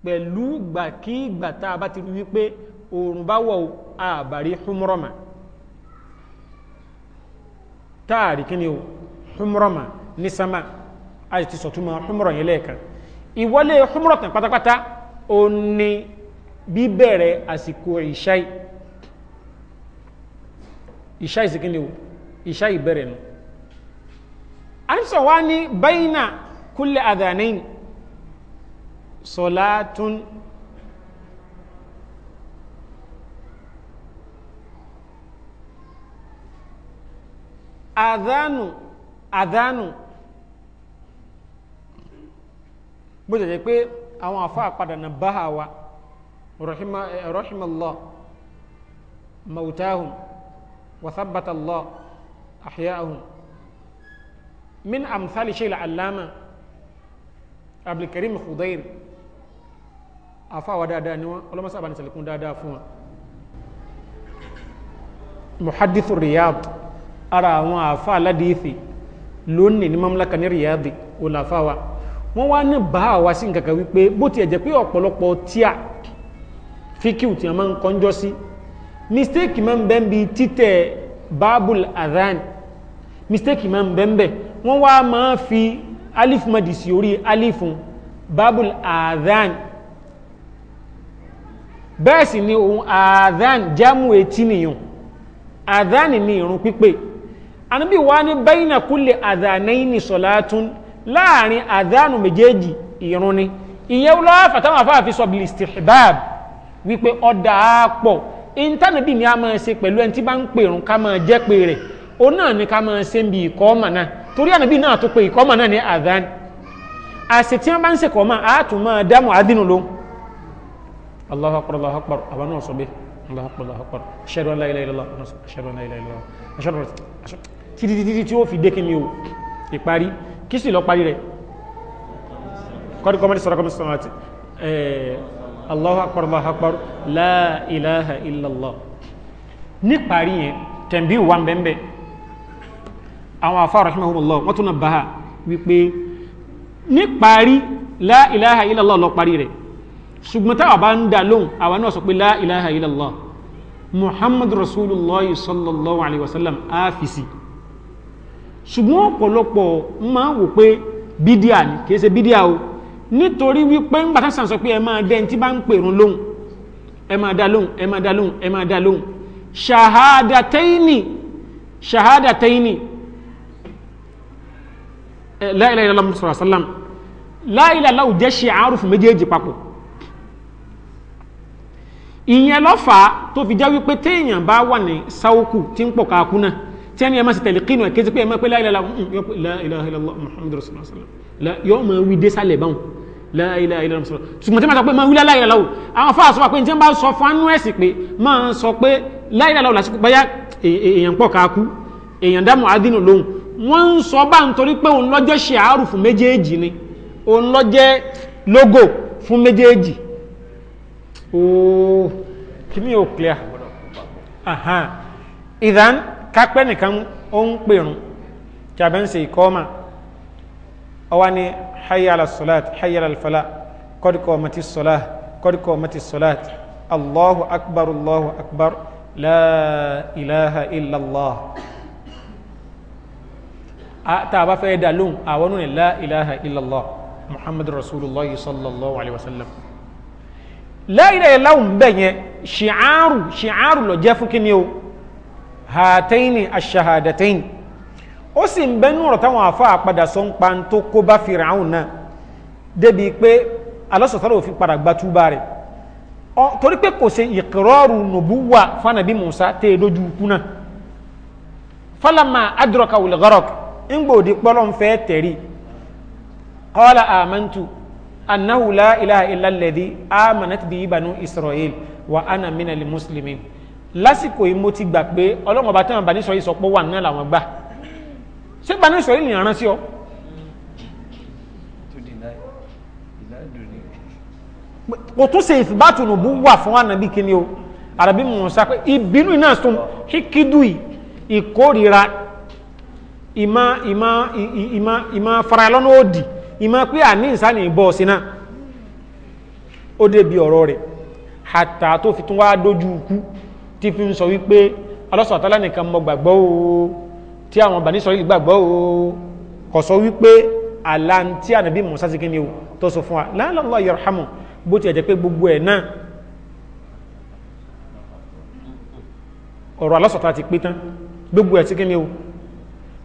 Speaker 2: pẹ̀lú gbàkígbà tá a bá ti rí wípé oòrùn bá wọ̀ àbàrí humrọ́mà táàrí kí ni o humrọ́mà ní sama a ti sọ̀túnmọ̀ humrọ̀ yẹn lẹ́ẹ̀kan ìwọlé humrọ̀ tán pátápátá ó ní bíbẹ̀rẹ̀ àsìkò ìṣáì ìṣáì sí kí ni o ìṣáì bẹ̀rẹ̀ nù àìsàn wá ní bẹ́yìnà kúlẹ̀ àdánẹ́yìn sọ̀látún àdánù àdánù bó jẹ́ jẹ́ pé àwọn àfá àpadà na báhà wa eh, rahimallah mautahum wa من أمثال شيء العلامة عبد الكريم خضير afa wa dáadáa ni wọn ọlọmọ sábà ní sẹlẹkùn dáadáa fún wọn muhadithu riyadh ara àwọn afa aládìífì lónìí ní mamlaka ní riyadh olàfa wa wọn wá ní bá wa sí nǹkan kan wípé bó tiẹ̀ jẹ́ pé ọ̀pọ̀lọpọ̀ tíà fíkìw tí a máa ń kọjọ́ sí mistake máa ń bẹ́ẹ̀ bí títẹ̀ babul adhan mistake máa ń bẹ́ẹ̀ bẹ́ẹ̀ wọ́n wá máa fi alif madi sí orí alifun babul adhan bẹ́ẹ̀ sì ni ohun adhan jamu etí nìyàn adhan ni ìrun pípé anábì wá ní bayna kulli adhanaini salatun láàrin adhanu méjèèjì ìrun ni ìyẹ́ wọ́n fàtàwọn afáàfi sọ bil istihbab wípé ọ̀dà àpọ̀ intanẹ̀bì ni a máa ṣe pẹ̀lú òun náà ní ká máa ṣe ń bi ìkọ́ọ̀mà náà torí ànábì náà tó pe ìkọ́ọ̀mà náà ní àdán àṣì tí wọ́n bá ń ṣe kọ́ọ̀mà á tún máa dá mu'adhin lóhùn Allahu akbar Allahu akbar àbá náà sọ bẹ́ẹ̀ Allahu akbar Allahu akbar ashhadu an la ilaha illallah ashhadu an la ilaha illallah ashhadu títí tí ó fi dé kíni o ìparí kí sì lọ parí rẹ̀ kọ́dí kọ́mọ́dé sọ̀rọ̀ kọ́mọ́dé sọ̀rọ̀ àti Allahu akbar Allahu akbar la ilaha illallah níparí yẹn tẹ̀m̀bí wà ń bẹ́ẹ̀ àwọn àfáà rahimahumullah wọ́n tún náà bá a wípé ní parí la ilaha illallah lọ parí rẹ̀ ṣùgbọ́n táwa bá ń dà lóhùn àwa náà sọ pé la ilaha illallah muhammadu rasulullah sallallahu alayhi wa sallam áfìsì ṣùgbọ́n ọ̀pọ̀lọpọ̀ máa wò pé bídíà ni kìí ṣe bídíà o nítorí wípé ń gbàtàsàn sọ pé ẹ máa dẹ́ láìláì lọ́la mùsùlùmí sàlám láìláì lọ́wọ́ jẹ́ ṣe àárùfù méjèèjì papọ̀ ìyẹn lọ́fà tó fi jẹ́ wípé téèyàn bá wà ní sáwókù tí ń pọ̀ káàkú náà tí ẹni ẹ máa ṣe tẹ̀lé kínú ẹ̀ kéde pé ẹ máa pé láìláìlá muhammadu rasulullah sallam yóò máa wí dé sálẹ̀ báwọn láìláìlá rasulullah ṣùgbọ́n tí máa sọ pé máa wí láìláìlá o àwọn fáà sọ pé tí wọ́n bá sọ fún anú ẹ̀sìn pé máa sọ pé láìláìlá o làṣẹ pé báyà èèyàn wọ́n ń sọ bá ń torí pé òun lọ́jẹ́ ṣe àárù fún méjèèjì ni òun lọ́jẹ́ logo fún méjèèjì ooo kí ni ò clear ahan ìdán kápẹ́ nìkan ó ń pèrún kí abẹ́ ń ṣe ìkọ́ọ́mà ọwá ni hayyala salat hayyala alfala kọ́díkọ́ mati salat kọ́díkọ́ mati salat allahu akbar allahu akbar la ilaha illallah tá a bá fẹ́ dá lóhùn àwọn ní la ilaha illallah muhammadu rasulullah sallallahu alaihi wasallam la ilaha illallah bẹ̀ yẹn ṣìáàrù ṣìáàrù lọ jẹ́ fún kíni o hàtẹ́yìnì aṣahàdàtẹ́yìn ó sì ń bẹ́nu ọ̀rọ̀ táwọn afọ àpadà sọ ń pa ń tó kó bá Fíráùn náà débi pé alọ́sọ̀tàlọ́ òfin padà gba túbà rẹ̀ torí pé kò ṣe ìkìrọ́rù nùbúwà fanabi Musa tẹ́ lójú kú fálàmà adúrọ̀kà wùlẹ̀gọ́rọ̀kì ngbòdì pọ́lọ́n fẹ́ tẹ̀rí qala amantu annahu la ilaha illa alladhi amanat bi banu israel wa ana minal muslimin lásìkò yìí mo ti gbà pé ọlọ́run ọba tí wọn bá ní sọ yìí sọ pé wà náà làwọn gbà ṣé bá ní sọ yìí nìyàrá sí ọ. kò tún ṣe ìfìbátù nùbú wà fún ànàbí kíni o àràbí mùsà pé ìbínú iná sùn kíkídùì ìkórìíra ìmá ìmá ìmá ìmá faralọ́nà òdì ìmá pé àní ìsáni ìbọ̀ sínà ó débi ọ̀rọ̀ rẹ̀ hàtà tó fi tún wá dójú ikú tí fi ń sọ wípé alọ́sọ̀tálá nìkan mọ gbàgbọ́ o tí àwọn bàní sọ yìí gbàgbọ́ o kò sọ wípé àlá tí ànàbí Mùsá sí kíni o gbogbo ẹ̀ náà ọ̀rọ̀ o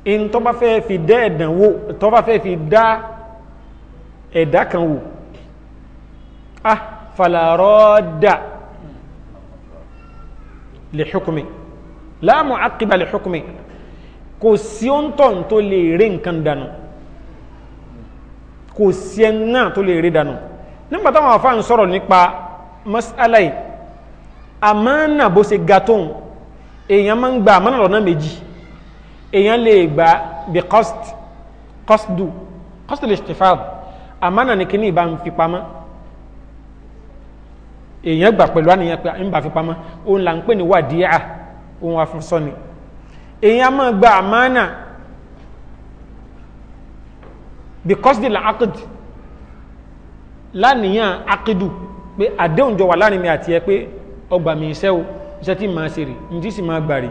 Speaker 2: in tó bá fẹ́ fi dá ẹ̀dàn wò tó bá fẹ́ fi dá ẹ̀dá kan wò ah falarọ́dà lè hukumi láàmù àkíbà lè hukumi kò sí ó ń tọ̀n tó lè rí nǹkan dànù kò sí ẹ náà tó lè rí dànù nígbà táwọn afá ń sọ̀rọ̀ nípa masalai amánà bó ṣe gatóhun èèyàn máa ń gba amánà lọ́nà méjì èèyàn lè gbà bí cost costdu costdu lè ṣèfàd àmánà ní kíní ìbá ń fi pamọ́ èèyàn gbà pẹ̀lú àníyàn pé ń bá fi pamọ́ òun là ń pè ní wàdíà òun afúnṣọ́ ni èèyàn máa gba àmánà bí costdu là ákìdì láníyàn ákìdù pé àdéhùn jọ wà láàrin mi àti ẹ pé ọgbà mi iṣẹ́ o iṣẹ́ tí màá ṣe rè ní tí sì máa gbà rè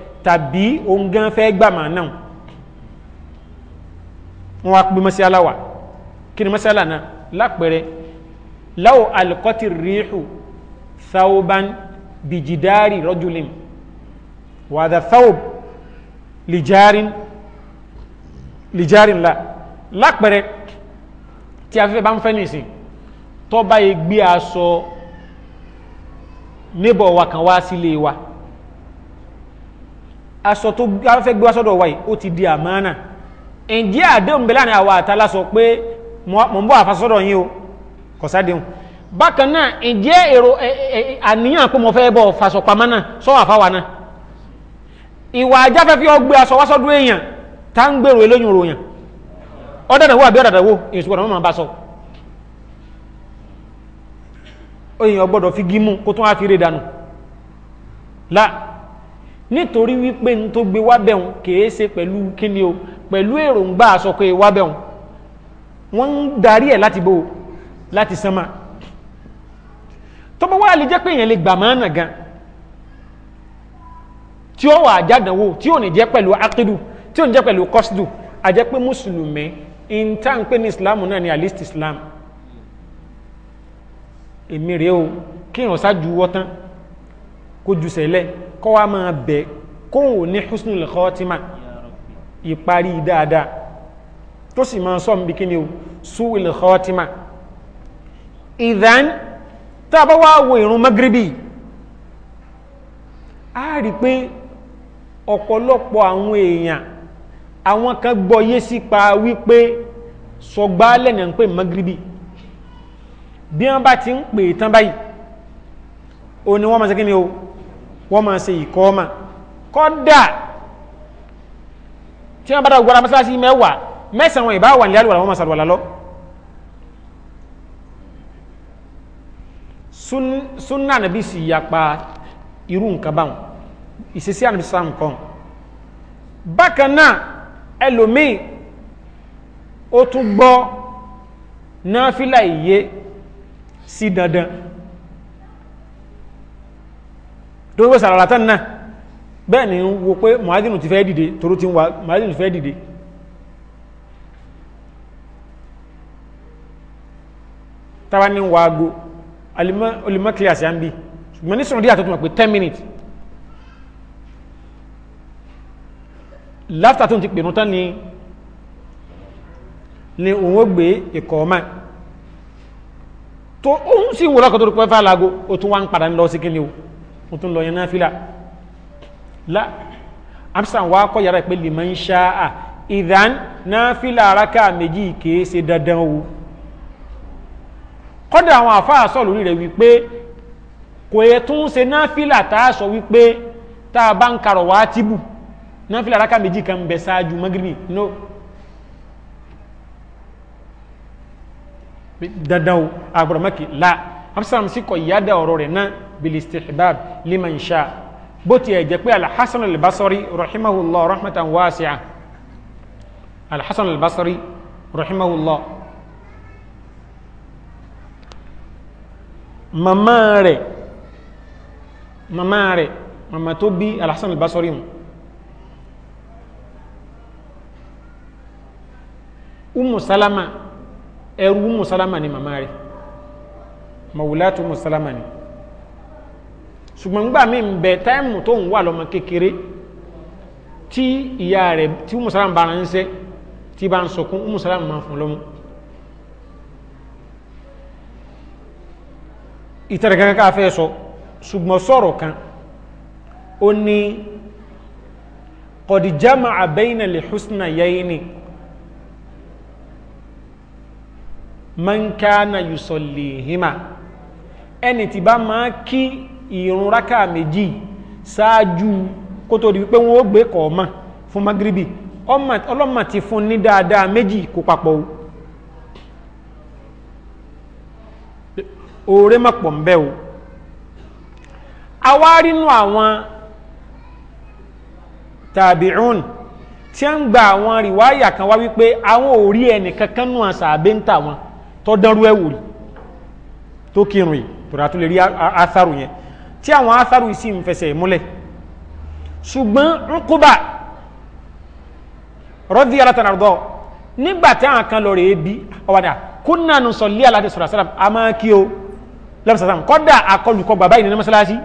Speaker 2: tàbí òun gan fẹ́ gbàmà náà wọ́n wá pé mọ́sálà wà kí ni mọ́sálà náà lápẹ̀rẹ̀ láwọ̀ alkọ́tì ríhù thawban bijidari rọ́júlim wàdà thawb lijarin lijarin la lápẹ̀rẹ̀ tí a fẹ́ bá ń fẹ́ nìsín tọ́ bá gbé aṣọ níbọ̀ wa kan wá sílé wa. Si aṣọ tó fẹ́ gbé wáṣọ́dọ̀ wáyé ó ti di àmánà ǹjẹ́ àdéhùn bẹ́lá ni àwọn àtàlá sọ pé mọ̀ ń bọ́ àfàṣọ́dọ̀ yín o kọ̀sádéhùn bákan náà ǹjẹ́ èrò àníyàn pé mo fẹ́ bọ̀ fàṣọpamọ́ náà sọ àfáwà náà ìwà ajáfẹ́fẹ́ ọgbẹ́ aṣọ wáṣọ́dọ̀ èèyàn tá ń gbèrò eléyìn ròyìn ọ̀dàdàwó àbí ọ̀dàdàwó èyí ṣùgbọ́n ọmọ bá sọ èèyàn gbọ́dọ̀ fi gímú kó tún á fi rè dànù láà nítorí wípé n tó gbé wá bẹ̀hùn kìí ṣe pẹ̀lú kíni o pẹ̀lú èròǹgbà aṣọ pé wá bẹ̀hùn wọ́n ń darí ẹ̀ láti bò láti sánmà tó bá wá lè jẹ́ pé èèyàn lè gbà máa nà gan tí ó wà àjádànwò tí ò ní jẹ́ pẹ̀lú akidu tí ò ní jẹ́ pẹ̀lú kọ́sídù àjẹ́ pé mùsùlùmí in tá ń pè ní islam náà ni alist islam èmi rèé o kí ìrànṣájú wọ́tán kó jùsẹ̀lẹ̀ kọ́ wá máa bẹ̀ kóhùn ní husnul khatima ìparí dáadáa tó sì máa sọ bí kíni o suwil khatima ìdán tá a bá wá wo ìrun magribi a rí pé ọ̀pọ̀lọpọ̀ àwọn èèyàn àwọn kan gbọ́yé sípa wípé sọgbà lẹ́nà ń pè magribi bí wọ́n bá ti ń pè tán báyìí o ni wọ́n máa ṣe kíni o wọ́n máa se ìkọ́ ọmọ kọ́dà tí wọ́n bá dàgbà gbọ́dọ̀ mọ́sálásí mẹ́wàá mẹ́sàn-án wọn ìbá wà ní àlùwàlà wọ́n máa ṣàlùwàlà lọ. sunna nàbí sì yapa irú nǹkan báwọn ìṣesí ànàbí sàm kan bákan náà ẹlòmíì ó tún gbọ́ náfìlà ìyé sí dandan torí wọ́n sàràrà tán náà bẹ́ẹ̀ ni ń wo pé mọ̀ádìnù ti fẹ́ dìde toró ti ń wa mọ̀ádìnù ti fẹ́ dìde tàbá ní wa ago olùmọ́ kílíàsì à ń bí ṣùgbọ́n ní sọ̀rọ̀ díà tó túnmọ̀ pé ten minutes láftà tó ti pè nú tán ni ni òun ó gbé ìkọ̀ ọmọ tó òun sì wúrọ̀ kọ́ tó rí pẹ́ fà lágo ó tún wá ń padà ń lọ sí kíni o mo tún lọ yẹn náfìlà la amsan wa kọ́ yàrá ìpè liman sha'a ìdán náfìlà araka méjì kìí ṣe dandan o kọ́dà àwọn àfáà sọ lórí rẹ̀ wípé kò yẹ tún ṣe náfìlà tá a sọ wípé tá a bá ń karọ̀ wá tìbù náfìlà araka méjì kan bẹ̀ ṣáájú magribi no dandan o agbọ̀dọ̀ mọ́kì absalom sì kọ ìyáda ọ̀rọ̀ rẹ̀ náà bilistihbab liman sha bó tiẹ̀ jẹ́ pé alhassan albasari rahimahullah rahmatan wasi'a alhassan albasari rahimahullah màmá rẹ̀ màmá rẹ̀ màmá tó bí alhassan albasari mu umu salama ẹrú umu salama ni màmá rẹ̀ mawulatu musalama ni ṣùgbọ́n gbà mí bẹ táìmù tó ń wà lọ́mọ kékeré tí ìyá rẹ̀ tí musalama bá ń sẹ́ tí bá ń sọkún musalama máa fún lọ́mú ìtẹ̀rẹ̀ kankan ká fẹ́ sọ ṣùgbọ́n sọ̀rọ̀ kan ó ní qad jama'a bayna li husnayayni man kana yusallihima ẹni ti bá máa kí ìrun rákà méjì ṣáájú kó tó di wípé wọn ó gbé kọ̀ọ̀mà fún magribi ọlọ́mà ti fún ní dáadáa méjì kó papọ̀ o oore má pọ̀ ń bẹ́ o awárínú àwọn tàbíùn tí a ń gba àwọn rìwáyà kan wá wípé àwọn ò rí kankan nù àṣà àbẹ́ńtà wọn tó dánrú ẹ̀wò rí tó kírun yìí tòrà tó lè rí atharu yẹn tí àwọn atharu yìí sì ń fẹsẹ̀ múlẹ̀ ṣùgbọ́n nkúbà rọ́dí alátànàrọ́dọ́ nígbà tí àwọn kan lọ rèé bí ọ̀wàdà kúnnà nù sọ lé aláde sọ̀rọ̀ sálàm a máa kí o lọ́pọ̀ sàlám kọ́dà akọlùkọ bàbá yìí nínú mọ́sálásí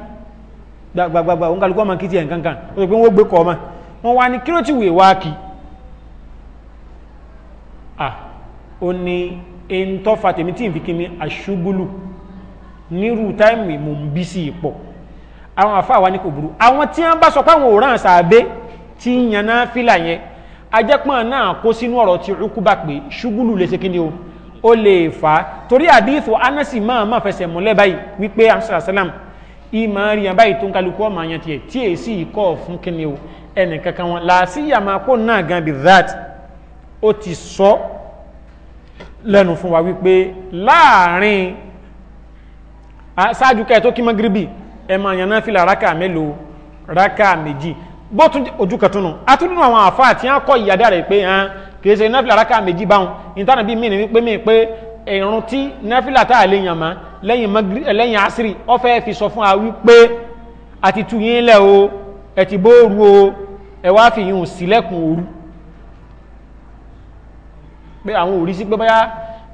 Speaker 2: gbàgbàgbà òun kálukọ́ máa kí tiẹ̀ ó ní kíròtì wèé wá kí ah ó ní ẹ̀ńtọ́fà tèmi tí nírú táìmì mò ń bí sí ipò àwọn àfáà wa ní kò burú àwọn tí wọ́n bá sọ pé àwọn òràn sàbẹ́ tí ń yan náà fìlà yẹn ajẹ́pọ̀n náà kó sínú ọ̀rọ̀ tí rúkú bá pé ṣúgúlù lè ṣe kíni o ó lè fà á torí àdíìtò anásì máa máa fẹsẹ̀ mọ́lẹ̀ báyìí wípé amsalam ìmọ̀ àríyàn báyìí tó ń kálukú ọmọ àyàn tiẹ̀ tí èsì ikọ̀ fún kíni o ẹnì kankan wọn làásìyà máa kó náà gan bí that ó ti sọ lẹ́nu fún wa wípé láàárín ṣáájú kẹ́ tó kí magribi ẹ máa yan náfìlà rákà mélòó rákà méjì bó tún ojú kan túnú atúndùn àwọn àfa àti hàn kọ́ ìyàdá rẹ̀ pé hàn kì í ṣe náfìlà rákà méjì báwọn ìtànà bíi mí ni wípé mí pé ìrun tí náfìlà tá a lè yàn má lẹ́yìn magri lẹ́yìn asiri ó fẹ́ fi sọ fún wa wípé àti tu yín lẹ̀ o ẹ ti bóoru o ẹ wá fi yín sílẹ̀kùn òru pé àwọn òrí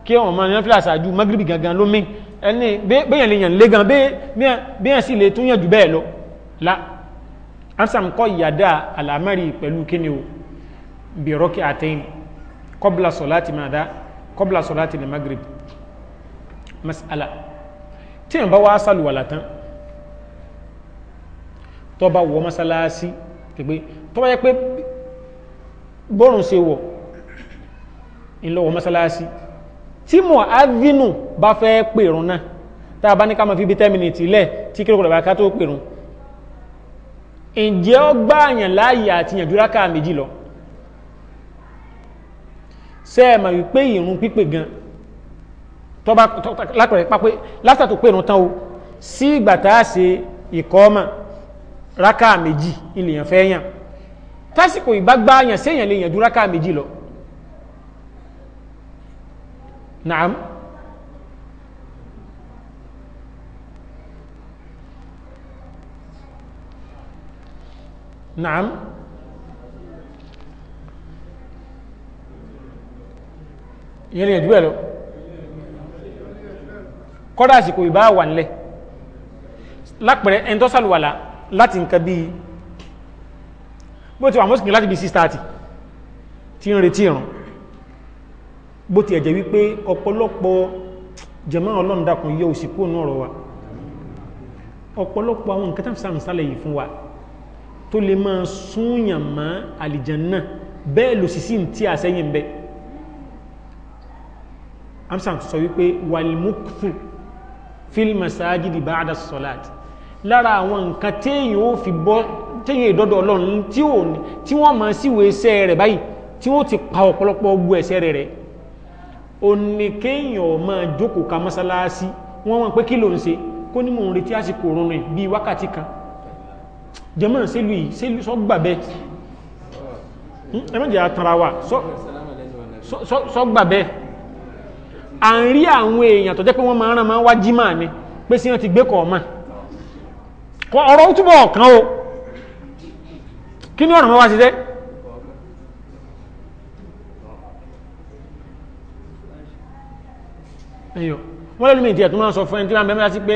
Speaker 2: kí ọmọ ọmọ ìyànfìlà ṣáájú magribi gangan ló mí ẹni bẹ́yàn lè yàn lé gan bẹ́yàn sì lè tún yàn jù bẹ́ẹ̀ lọ la amsam kọ́ ìyàdá àlàmárì pẹ̀lú kíni o bí rọ́kì àtẹ́yìn kọ́bùlà sọ láti máa dá kọ́bùlà sọ láti lè magribi masala tí yàn bá wá sálùwàlà tán tó bá wọ mọ́sálásí pẹ̀pẹ́ tó bá yẹ pé bọ́rùn ṣe wọ̀ ńlọ́wọ́ mọ́sálásí tí mu'adhdhinu bá fẹ́ pèrún náà tá a bá ní ká máa fi bí 10 minutes ilẹ̀ tí kílókò rẹ̀ bá ká tó pèrún ǹjẹ́ ó gbá àyàn láàyè àti yànjú rákà méjì lọ ṣe é mà wípé ìrún pípé gan tọ́ba lápẹ̀rẹ̀ pápé lásìkò tó pèrún tán o sí ìgbà tá a ṣe ìkọ́mà lè yànjú rákà méjì lọ نعم نعم ìyẹn lè jù ẹ̀ lọ kọ́dá àsìkò ìbá wà nílẹ̀ lápẹ̀rẹ̀ ẹni tó sàlùwàlà láti nǹkan bí bó ti wà mọ́sìnkì láti bí 6:30 tí ń retí ìrùn bó ti ẹ̀jẹ̀ wípé ọ̀pọ̀lọpọ̀ jẹ̀mọ́ ọlọ́run dákun yóò sì kúrò náà rọ̀ wa ọ̀pọ̀lọpọ̀ àwọn nǹkan tàbí sàmìsàlẹ̀ yìí fún wa tó lè máa súnyàn mọ́ àlìjànnà bẹ́ẹ̀ lò sì sí tí a sẹ́yìn bẹ́ amsam sọ wípé walmuktu filmasajidi ba'da salat lára àwọn nǹkan téèyàn ó fi bọ́ téèyàn ìdọ́dọ̀ ọlọ́run tí wọ́n máa síwèé sẹ́ẹ̀ rẹ̀ báyìí tí wọ́n ti pa ọ̀pọ̀lọpọ̀ ogun ẹ̀sẹ̀ rẹ̀ rẹ̀ òní kéèyàn ọmọ jókòó ka mọ́sálásí wọ́n wọ́n pé kí ló ń ṣe kó ní mò ń retí àsìkò òrùn rìn bíi wákàtí kan jẹmọ́ sílùú yìí sílùú sọ gbàbẹ́ hmm? ẹmọ́jẹ́ àtàrà wà sọ gbàbẹ́ à ń rí àwọn èèyàn tó pé wọ́n máa ràn máa wá jímà ni pé sí wọ́n ti gbé kọ̀ọ̀mà ọ̀rọ̀ túbọ̀ kan o kí ni ọ̀rọ̀ máa wá ṣiṣẹ́ ẹyọ wọ́n lẹ́nu mi ìtì ẹ̀tún máa ń sọ fún ẹni tí wọ́n bẹ́ẹ̀ sí pé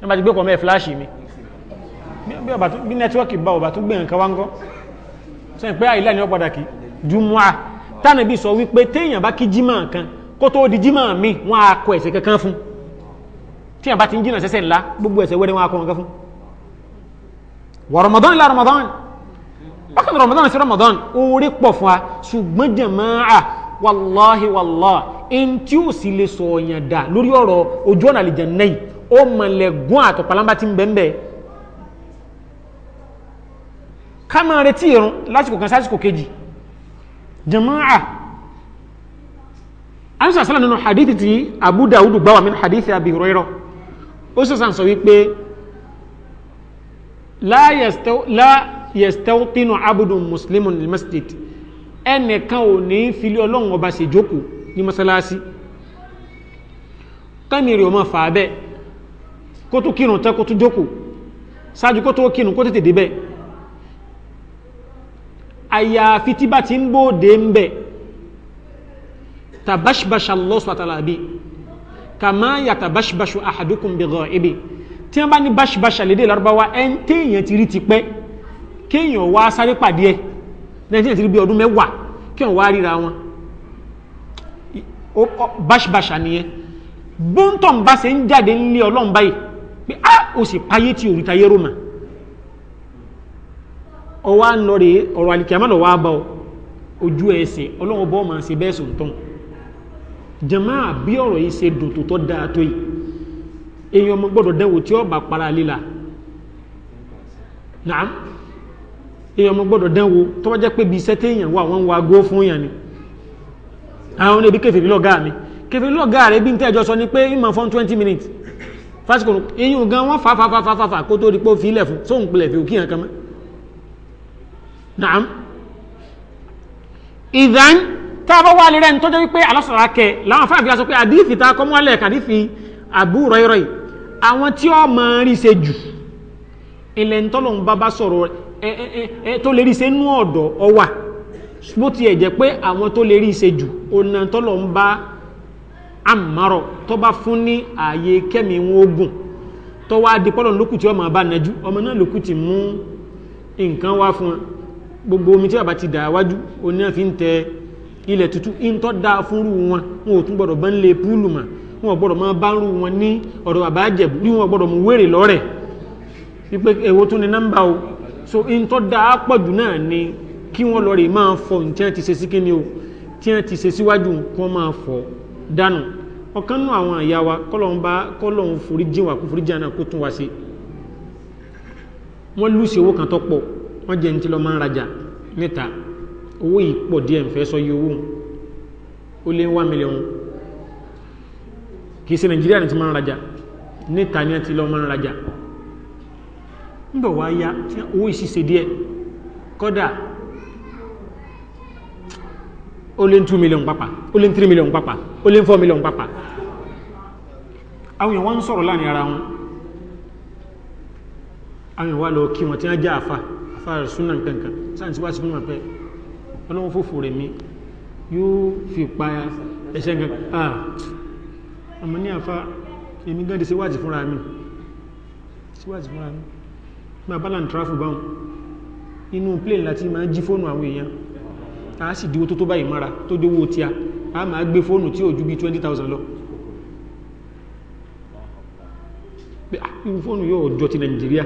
Speaker 2: wọ́n bá ti gbé pọ̀ mẹ́ fíláṣì mi bí nẹ́tíwọ́kì bá ọ̀bà tó gbẹ̀yàn kan wá ń gọ́ sẹ́yìn pé àìlá ni ó padà kí jùmọ́à tánà bí sọ wípé téèyàn bá kí jímọ̀ kan kó tó di jímọ̀ mi wọ́n á kọ ẹ̀ṣẹ̀ kankan fún téèyàn bá ti ń jìnà sẹ́ṣẹ̀ ńlá gbogbo ẹ̀ṣẹ̀ wẹ́rẹ́ wọn á kọ kankan fún wà rọmọdán ilá rọmọdán bákan rọmọdán sí wàláhi wàláhi ntí ò sì lè sọ ọ̀yàn dà lórí ọ̀rọ̀ ojú ọ̀nà àlìjànnà yìí ó mọ̀lẹ̀ gún àtọ̀pàlámbá tí ń bẹ́ẹ̀ bẹ́ẹ̀ ká máa retí irun lásìkò kan sásìkò kejì jama'a an sọ sọ́lá nínú hadithi ti abu dawud gbáwà min hadithi abi hurairah ó sọ sàn sọ wípé la yastawtinu muslimun lil masjid ẹnìkan ò ní filé ọlọ́run ọba ṣe jókòó ní mọ́sálásí kánìrì ọmọ fà á bẹ́ẹ̀ kó tó kírun tán kó tó jókòó ṣáájú kó tó kírun kó tètè débẹ̀ àyàfi tí ti ń bóde ń bẹ̀ tabashbasha Allah subhanahu wa ta'ala bi kama ya tabashbashu ahadukum bi ghaibi tí wọ́n bá ní bashbasha lédè lárúbáwá ẹ̀ ń téèyàn ti rí ti pẹ́ kéèyàn wá sáré pàdé ẹ̀ nineteen eighty bí ọdún mẹ́wàá kí wọ́n wá ríra wọn báṣibáṣà nìyẹn bóńtọ̀n bá ṣe ń jáde nílé ọlọ́run báyìí pé á o sì payé tí òrìta yẹ́rò mà ọwọ́ ń lọ rèé ọ̀rọ̀ bá ojú ẹsẹ̀ ọlọ́run bọ́ èèyàn ọmọ gbọ́dọ̀ dánwò tó bá jẹ́ pé bí iṣẹ́ téèyàn wà wọ́n ń wa gó fún èèyàn ni àwọn ẹbí kẹfìrí lọ́gá mi kẹfìrí lọ́gá rẹ̀ bí n tẹ́jọ sọ ni pé ìmọ̀ fún twenty minutes fásitì ìyún gan wọ́n fa fa fa fa fa kó tó di pé ó fi ilẹ̀ fún sóhun pilẹ̀ fi òkì hàn kan mọ́ naam ìdán tá a bá wà lérẹ́ ní tọ́jọ́ wípé alásọ̀rọ̀ akẹ làwọn afẹ́ àfihàn sọ pé àdífì a kọ́ mọ́lẹ̀ kàdífì àbú rọ́ìrọ́ì àwọn tí ó mọ̀ rí ṣe jù tó lè rí ọwa nú ọ̀dọ̀ ọwà bó tiẹ̀ jẹ́ pé àwọn tó lè rí ṣe jù ọ̀nà lọ ń bá àmárọ̀ tó bá fún ní ààyè kẹ́mi wọn ogun tó wá di lókù tí ọmọ bá ọmọ náà lókù ti mú nǹkan wá fún gbogbo omi tí bàbá ti dà wájú da wọn wọn ò tún gbọ́dọ̀ bá ń lè púùlù mà wọn gbọ́dọ̀ máa bá rú wọn ní ọ̀dọ̀ rí wọn so in tó dáa pọ̀jù náà ni kí wọ́n lọ rè máa fọ tí wọ́n ti ṣe sí kíni o tí wọ́n ti ṣe síwájú kí wọ́n máa fọ dànù ọ̀kan nù àwọn àyà wa kọ́lọ́n bá kọ́lọ́n forí jìn wá kó forí jìn náà kó tún wá sí wọ́n lùsì owó kan tó pọ̀ wọ́n jẹ́ ní tí lọ́ máa ń rajà níta owó yìí pọ̀ díẹ̀ ń fẹ́ sọ iye owó ó lé wá mílíọ̀nù kì í ṣe nàìjíríà ní ti máa ń rajà níta ní ti lọ́ máa ń rajà ńbọ̀ wá yá tí owó ìṣiṣẹ́ díẹ̀ kọ́dà ó lé 2 million pápá ó lé 3 million pápá ó lé 4 million pápá àwọn èèyàn wọ́n ń sọ̀rọ̀ láàrin ara wọn àwọn èèyàn wá lọ kí wọn tí wọ́n já àfà àfà rẹ̀ súnà kankan sáàtì wá sí fún mọ̀pẹ́ ọlọ́wọ́ fòfò rẹ̀ mi yóò fi pa ẹ̀ṣẹ̀ kankan àmọ́ ní àfà èmi gán síwájì fúnra mi síwájì fúnra mi bàbá là ń tráfù báwọn inú plane láti máa jí fóònù àwọn èèyàn a sì dúró tó tó báyìí mara tó dówó tí a a máa gbé fóònù tí ò ju bí 20,000 lọ ah, irú fóònù yóò jọ ti nàìjíríà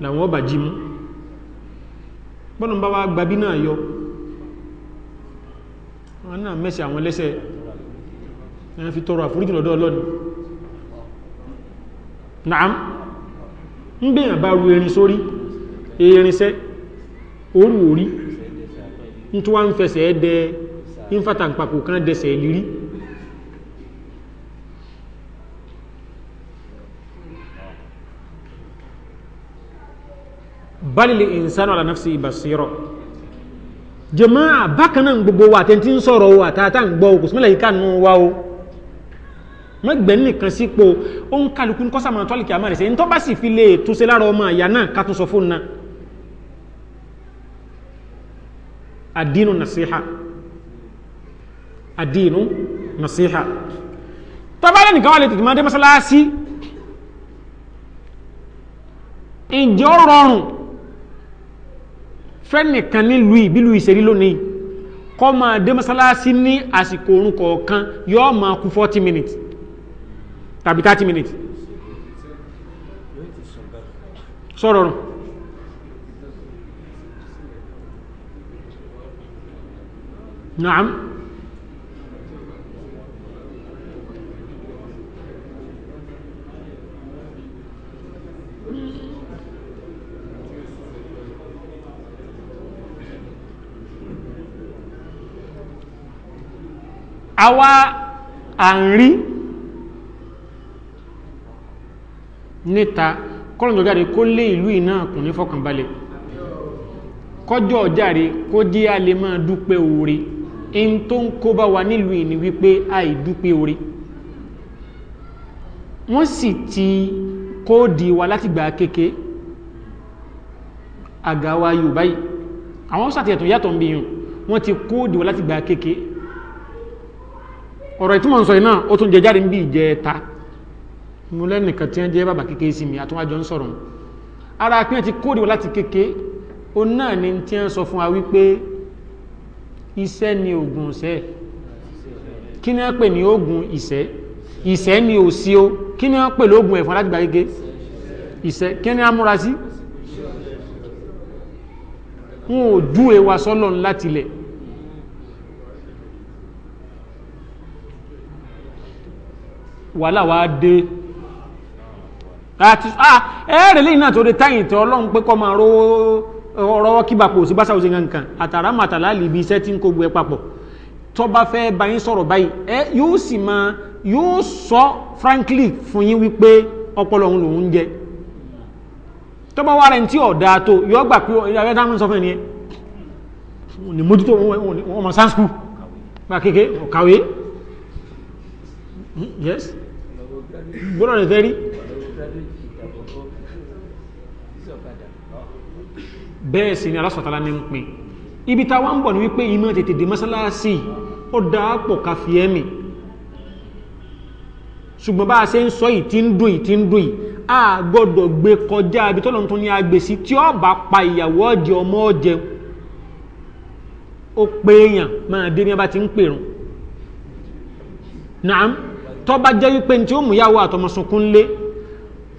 Speaker 2: làwọn ọba jí mú bọ́nà bá wá gbabí náà yọ wọn náà mẹ́sẹ̀ àwọn lẹ́sẹ̀ ẹ̀yàn fi tọrọ àforíjì lọ́dọ̀ ọlọ́ni naam ń bèèyàn bá ru erin sórí erinṣẹ́ orú orí ń tó wá ń fẹsẹ̀ ẹ̀dẹ ìfàtàǹpàkò kan dẹsẹ̀ ìlérí balili insanu ala nafsi basiro jama'a bákanáà gbogbo wa àtẹ́ntí ń sọ̀rọ̀ wa àtàtà ń gbọ́ òkùsùnmọ́lẹ̀ yìí kánú wa o mọ́gbẹ̀ẹ́nì kan sípò ó ń kálukú ní kọ́sàmà tó àlìkí àmàrẹ̀ sí ní tó bá sì fi lè tó ṣe lára ọmọ àyà náà ká tó sọ fún náà àdínú nàṣíhà àdínú nàṣíhà tọ́bálẹ̀ nìkan wà lè tètè máa dé mọ́sálásí ǹjẹ́ ó rọrùn fẹ́nìkan nílùú ìbílù ìṣèrí lónìí kọ́ máa dé mọ́sálásí ní àsìkò orun kọ̀ọ̀kan yóò máa kú 40 minutes tàbí thirty minutes sọ̀rọ̀ rùn. naam àwa à níta kọ́lọ̀jọ́ jáde kó lé ìlú iná kùn ní fọkànbalẹ̀ kọjọ́ jáde kó jẹ́ a lè máa dúpẹ́ oore in tó ń kó bá wa nílùú ìní wípé àì dúpẹ́ oore wọ́n sì ti kóòdì wa láti gbà kéke àgáwá yorùbá yìí àwọn sàtì ẹ̀tún yàtọ̀ ń bí yùn wọ́n ti kóòdì wa láti gbà kéke ọ̀rọ̀ ìtumọ̀ sọ yìí ó tún jẹ jáde ń bí ìjẹta mo lẹ́nìkan tí wọ́n jẹ́ bàbá kékeré sí mi àtúnwájọ ń sọ̀rọ̀ ara pín àti kóòdì wọn láti kéke ó náà ni tí wọ́n sọ fún wa wípé iṣẹ́ ni oògùn ìṣẹ́ kí ni wọ́n pè ní oògùn ìṣẹ́ ìṣẹ́ ni òsì o kí ni wọ́n pè lóògùn ẹ̀fọn láti gbà kéke ìṣẹ́ kí ni wọ́n múra sí wọn ò júwe wa sọ́lọ́n láti lẹ̀ wàhálà wa dé àti ah, ẹ̀ẹ́rẹ̀ lẹ́yìn náà tó dé táyìn tẹ ọlọ́run pé kọ́ máa rọwọ́ kí bàpò sí báṣà òsì nǹkan àtàrà màtàlá lìbi iṣẹ́ tí ń kó gbé papọ̀ tó bá fẹ́ bá yín sọ̀rọ̀ báyìí ẹ yóò sì máa yóò sọ frankly fún yín wípé ọpọlọ òun lòun jẹ tó bá wà rẹ̀ tí ọ̀dà tó yọ gbà pé ìyàwó ẹ̀dá ń sọ fún ẹ̀ ní mójútó wọn mọ̀ sáńskú gbà kéke ọ̀kàwé yes gbọ́dọ̀ rẹ̀ fẹ́ rí bẹ́ẹ̀ sì ni alásọ̀tálá ní ń pin ibi ta wá ń bọ̀ ní wípé ìmọ̀ tètè dé mọ́sálásí ó dáàpọ̀ ká fi ẹ́mì ṣùgbọ́n bá a ṣe ń sọ yìí tí ń dùn yìí tí ń dùn yìí a gbọ́dọ̀ gbé kọjá ibi tọ́lọ̀ tó ní agbè sí tí ó bá pa ìyàwó ọ̀jẹ̀ ọmọ ọ̀jẹ̀ ó pé èèyàn máa dé ní ọba tí ń pèrún náà tọ́ bá jẹ́ wípé ní tí ó mú ìyàwó àtọmọsùnkún lé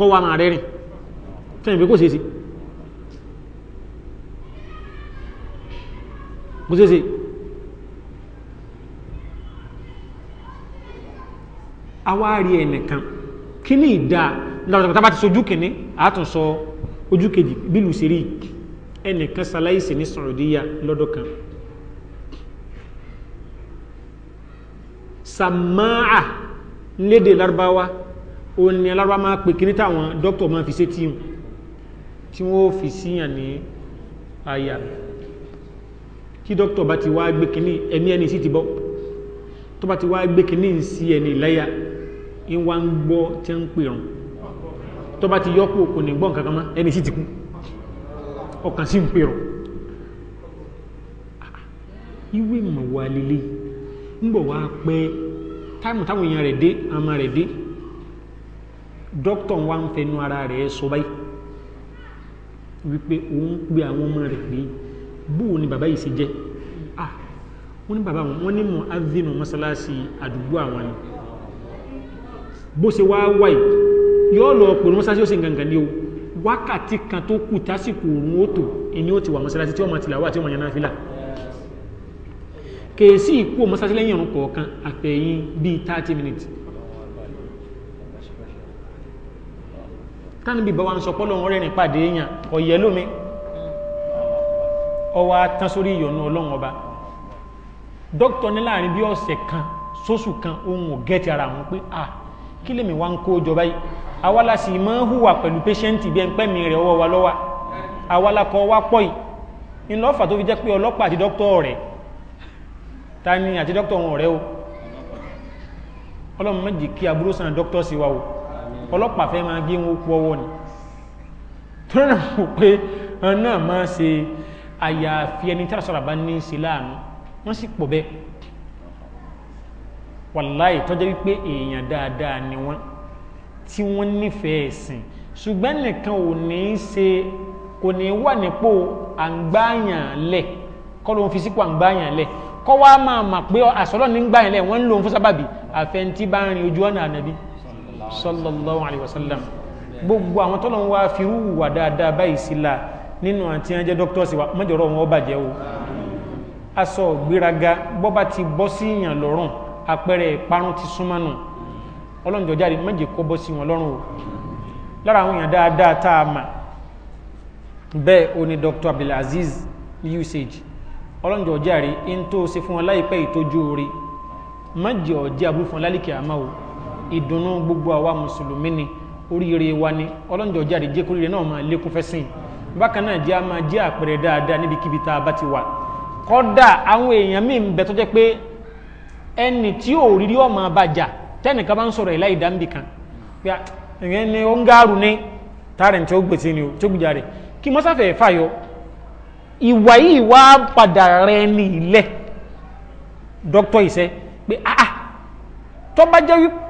Speaker 2: kọ́ wa máa rẹ́rìn kẹ́yìn pé kò ṣeé ṣe kò ṣeé ṣe awárí ẹnìkan kí ní ìdá lọ́dọ̀ tàbá ti sojú kìíní àtúnsọ ojú kejì bílù sí rí ẹnìkan sàláìsì ní Saudiya lọ́dọ̀ kan sàmáà lédè lárúbáwá ó ní alárúbá máa pè kí ní táwọn dókítà máa fi ṣe tí wọn tí wọn ó fi síyàn ní àyà kí dókítà bá ti wá gbé kíní ẹ̀mí ẹni sí ti bọ́ tó bá ti wá gbé kíní ń sí ẹni láyà ń wá ń gbọ́ tí ń pè rùn tó bá ti yọ́pò kò ní gbọ́n kankan mọ́ ẹni sí ti kú ọkàn sí ń pè rùn ah, ìwé mọ̀wá lélẹ̀ ń bọ̀ wá pẹ́ táìmù táwọn èèyàn rẹ̀ dé àmà rẹ̀ dé dókítà wa ń fẹnu ara rẹ̀ sọ báyìí wípé òun pe àwọn ọmọ rẹ̀ pé bóò ni bàbá yìí ṣe jẹ́ ah wọ́n ní bàbá wọn ní mọ̀ avinu mọ́sálásí àdúgbò àwọn ni bó ṣe wá wáyé yóò lọ pẹ̀lú mọ́sálásí ó sì gangan ní o wákàtí kan tó kù tásìkò òun ó tò ìní ó ti wà mọ́sálásí tí ọmọ ti làwà tí ọmọ yẹn fi là kèésì ikú mọ́sálásí lẹ́yìn ọ̀run kọ̀ọ̀kan àfẹ̀yìn bíi thirty minutes tánibí bá wa ń sọ pọ́lọ̀ ọ̀rẹ́ ní pàdé èèyàn ọ̀yẹ́ lómi ọwọ́ atán sórí ìyọ̀nù ọlọ́run ọba dókítà ní láàrin bí ọ̀sẹ̀ kan sóṣù kan ohun ọ̀gẹ́tì ara àwọn pé à kí lèmi wá ń kó jọba yìí awala sì máa ń hùwà pẹ̀lú pẹ́ṣẹ́ǹtì bí ẹn pẹ́mi rẹ̀ ọwọ́ wa lọ́wà awala kọ wá pọ̀ yìí ńlọ́fà tó fi jẹ́ pé ọlọ́pàá àti dókítà ọ̀rẹ́ ta ni àti dókítà wọn ọ̀rẹ́ o ọlọ́run méjì kí aburú sàn dókítà sí wa o ọlọ́pàá fẹ́ máa gé wọn kú ọwọ́ ni tó náà mọ̀ pé wọn náà máa ṣe àyàfi ẹni tí àṣọ àbá ní í ṣe láàánú wọ́n sì pọ̀ bẹ́ẹ̀ wàláì tọ́jọ́ wípé èèyàn dáadáa ni wọ́n tí wọ́n nífẹ̀ẹ́ ẹ̀sìn ṣùgbọ́n nìkan ò ní í ṣe kò ní í wà nípò àǹgbáyàn lẹ̀ kọ́ ló ń fi sípò àǹgbáyàn lẹ̀ kọ́ wá máa mà pé àṣọlọ́ ní gbáyàn lẹ̀ wọ́n ń lò ó fún sábàbí àfẹ́ntí bá ń rin ojú ọ̀nà ànàbí sallallahu alayhi wa sallam gbogbo àwọn tọ́lọ̀ ń wá firú wà dáadáa báyìí síla nínú àti ẹjẹ́ dókítọ́sì wa mọ́jọ̀rọ̀ wọn bàjẹ́ o aṣọ gbéraga bọ́ba ti bọ́ sí ìyàn lọ́rùn àpẹẹrẹ ìparun ti súnmọ́nù ọlọ́njọ́ jáde méje kó bọ́ sí wọn lọ́rùn o lára àwọn èèyàn dáadáa tá a mà bẹ́ẹ̀ o ní Dr. Abdulaziz usage ọlọ́njọ́ jáde ń tó ṣe fún wọn láìpẹ́ ìtọ́jú orí méje ọ̀jẹ́ àbúrò fún wọn lálìkẹ́ àmọ́ o ìdùnnú gbogbo àwa mùsùlùmí ni oríire wa ni ọlọ́njọ́ jáde jẹ́ kóríire náà máa lékún fẹ́ sìn bákan náà jẹ́ a máa jẹ́ àpẹẹrẹ dáadáa níbikíbi tá a bá ti wà kọ́dà àwọn èèyàn míì ń bẹ tó jẹ́ pé ẹni tí ò rírí ọmọ abájà tẹ́nìkan bá ń sọ̀rọ̀ ìlà ìdámbì kan pé ẹ̀yẹn ni ó ń gáàrú ní tààrẹ̀ tí ó gbèsè ni ó tó gbìjà rẹ̀ kí mọ́sáfẹ́ fàyọ ìwà yìí wá padà rẹ ní dókítọ̀ ìṣẹ́ pé ah, ah tó bá jẹ́ wípé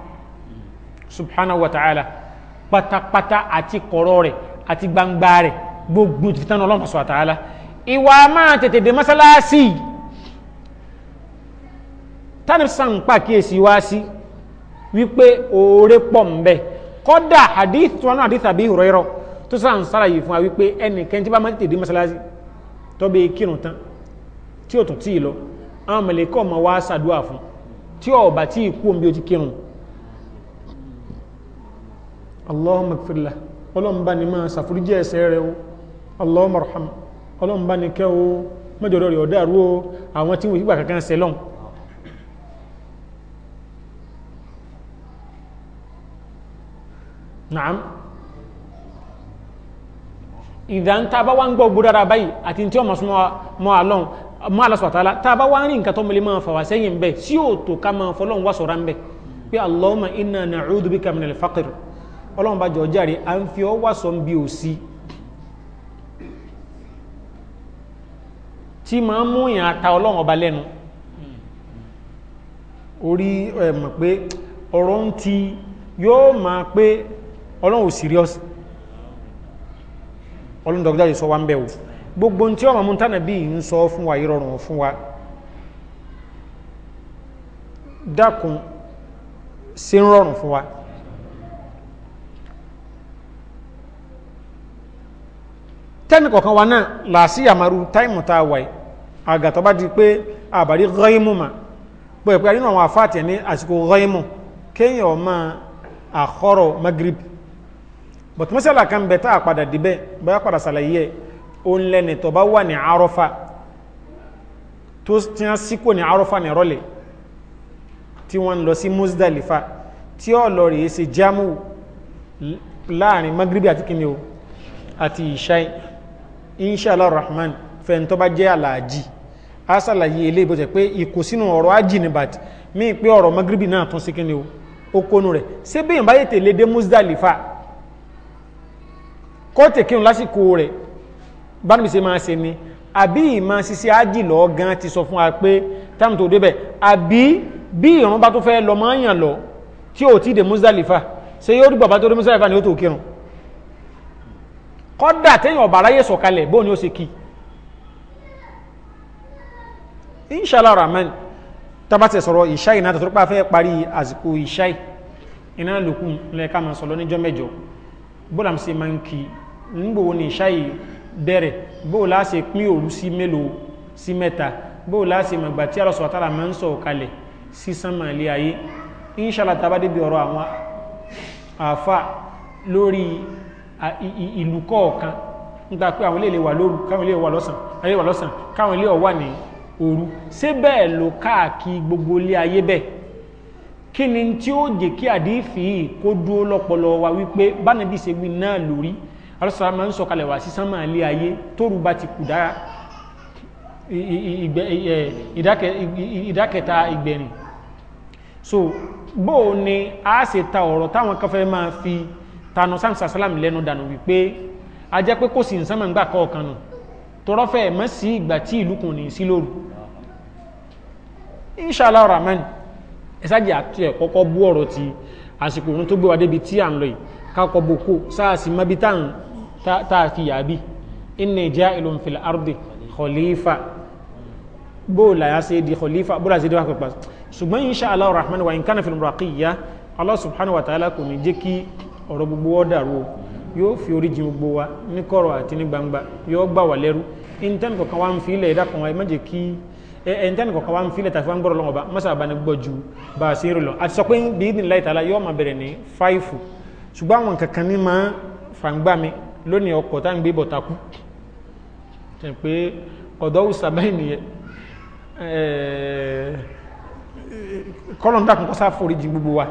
Speaker 2: subhanahu wa ta'ala pátápátá àti kọ̀rọ̀ rẹ̀ àti gbangba rẹ̀ gbogbo fitanu ọlọ́run sọ àtàlá ìwà máa tètè dé mọ́sálásì tani san pàkíyèsí wá sí wípé oore pọ̀ ń bẹ kọ́dà hadith tí wọn náà hadith àbí ìrọ̀rọ̀ tó sàn sára yìí fún wa wípé ẹnìkan tí bá máa tètè dé mọ́sálásì tó kírun tán tí ò tún tí ì lọ àwọn mẹ̀lẹ́kọ̀ máa wá ṣàdúrà fún tí ọ̀bà tí ì kú omi bí ó ti kírun allahumma gfirlah ọlọ́mbà ni máa sàfúrújẹ́ ẹ̀ṣẹ̀ rẹ̀ o allahumma arham ọlọ́mbà ni kẹ́ o mẹ́jọ̀rọ̀ rẹ̀ ọ̀dáàrú o àwọn tí wọ́n yígbà kankan sẹ́lọ́n naam ìdán tá a bá wá ń gbọ́ gbúdára báyìí àti tí ó mọ̀ súnmọ́ mọ́ àlọ́n mọ́ àlọ́sọ̀tàlá tá a bá wá ń rí nǹkan tó mẹ́lẹ́ ọlọ́run bá jọ járe à ń fi ọ wà sọ bí ò sí tí máa ń mú ìyàn ata ọlọ́run ọba lẹ́nu orí ẹ̀ pé ọ̀rọ̀ ń ti yóò máa pé ọlọ́run ò serious ọlọ́run dọ̀gbọ́dá yìí sọ wá ń bẹ̀ wò gbogbo tí ọmọ mú tánà bí ń sọ fún wa ìrọ̀rùn fún wa dákun sí ń rọrùn fún wa. tẹ́nì kọ̀ọ̀kan wa náà làásì àmàrú táìmù tá a wà yìí àgàtọ́ bá di pé àbárí rọ́ìmù mà pé ìpínlẹ̀ nínú àwọn àfáàtì ní àsìkò rọ́ìmù kéèyàn ọmọ àkọ́rọ̀ magrib but mọ́sálà kan bẹ̀ tá a padà dìbẹ̀ bá padà sàlàyé ẹ̀ ó ń lẹ́ni tó bá wà ní arọ́fà tó ti ń síkò ní arọ́fà ní rọ́lẹ̀ tí wọ́n ń lọ sí musdalifa tí ó lọ rèé ṣe jámù láàrin magrib àti kìnìún àti ìṣáì inṣàlá rahman fẹ́ni tó bá jẹ́ aláàjì á sàlàyé ilé ìbọ̀jẹ̀ pé ìkó sínú ọ̀rọ̀ ájì ní bàtì míì pé ọ̀rọ̀ magribi náà tún sí kíni o kónú rẹ̀ ṣé bí ìyàn bá yètè lé dé Muzdalifa kọ́ọ̀tì kírun lásìkò rẹ̀ bánibí ṣe máa ṣe ni àbí ìmọ̀ ṣíṣe ájì lọ gan ti sọ fún wa pé táàmù tó débẹ̀ àbí bí ìrún bá tó fẹ́ lọ máa yàn lọ tí ò tí ì dé Muzdalifa ṣe yóò dùgbà bá tó dé Muzdalifa ni ó tó kírun kọ́dà téèyàn ọ̀bà aráyé sọ̀kalẹ̀ bóun ni ó ṣe kí inshallah rahman tabati sọ̀rọ̀ ìṣá ìná tàbí pàfẹ́ parí àsìkò ìṣáì iná lòkun lẹ́ka ma sọ̀rọ̀ níjọ́ mẹ́jọ bóòlà sí ma ń kí nígbòwò bẹ̀rẹ̀ bóòlà sí pín òru sí mélòó sí mẹ́ta bóòlà sí tí ìlú kọ̀ọ̀kan nígbà pé àwọn ilé wà lóru káwọn ilé wà lọ́sàn ayé wà lọ́sàn káwọn ilé wà ní òru ṣé bẹ́ẹ̀ ló káàkiri gbogbo ilé ayé bẹ́ẹ̀ kí ni tí ó jẹ́ kí àdífì kó dúró lọ́pọlọ wa wípé bánàbí ṣe wí náà lórí alọ́sàrá máa ń sọ̀kalẹ̀ wá sí tanu samsa salam lẹ́nu dànù wípé ajẹ́ pé kò sí nsánmà ńgbà kọ̀ọ̀kan nù tọrọfẹ́ mọ́ sí ìgbà tí ìlú kùn ní sí lóru inshallah rahman ẹ̀sájì àti ẹ̀kọ́kọ́ bú ọ̀rọ̀ ti àsìkò òun tó gbé wa débi tí à ń lọ yìí kákọ̀ bòkó sáàsì mọ́bí tá a fi yàbí inni ja'ilun fil ardi khalifa bóòlà yá sí di khalifa bóòlà sí di wà pẹ̀pẹ̀ ṣùgbọ́n inshallah rahman wa in kana fil muraqiyya Allah subhanahu wa ta'ala kò ní jẹ́ kí ọ̀rọ̀ gbogbo wọ́n dàrú o yóò fi oríjì gbogbo wa ní kọ̀rọ̀ àti ní gbangba yóò gbà wà lẹ́rú intanet kọ̀ọ̀kan wa ń fi ilẹ̀ ẹ̀dá kan wa ẹ má jẹ́ kí intanet kọ̀ọ̀kan wa ń fi ilẹ̀ tàfi wá ń gbọ́rọ̀ lọ́wọ́ bá mọ́sà bá ní gbọ́ ju bá a ṣe rí lọ gbogbo wa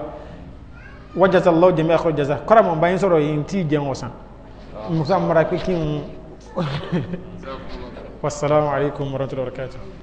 Speaker 2: wajasa lọ jẹmi akọrọ jasa kọrọ mọ báyìí sọ̀rọ̀ yìí tí jẹun ọ̀sán musa mara pé kí n warahmatulahi wabarakatuh.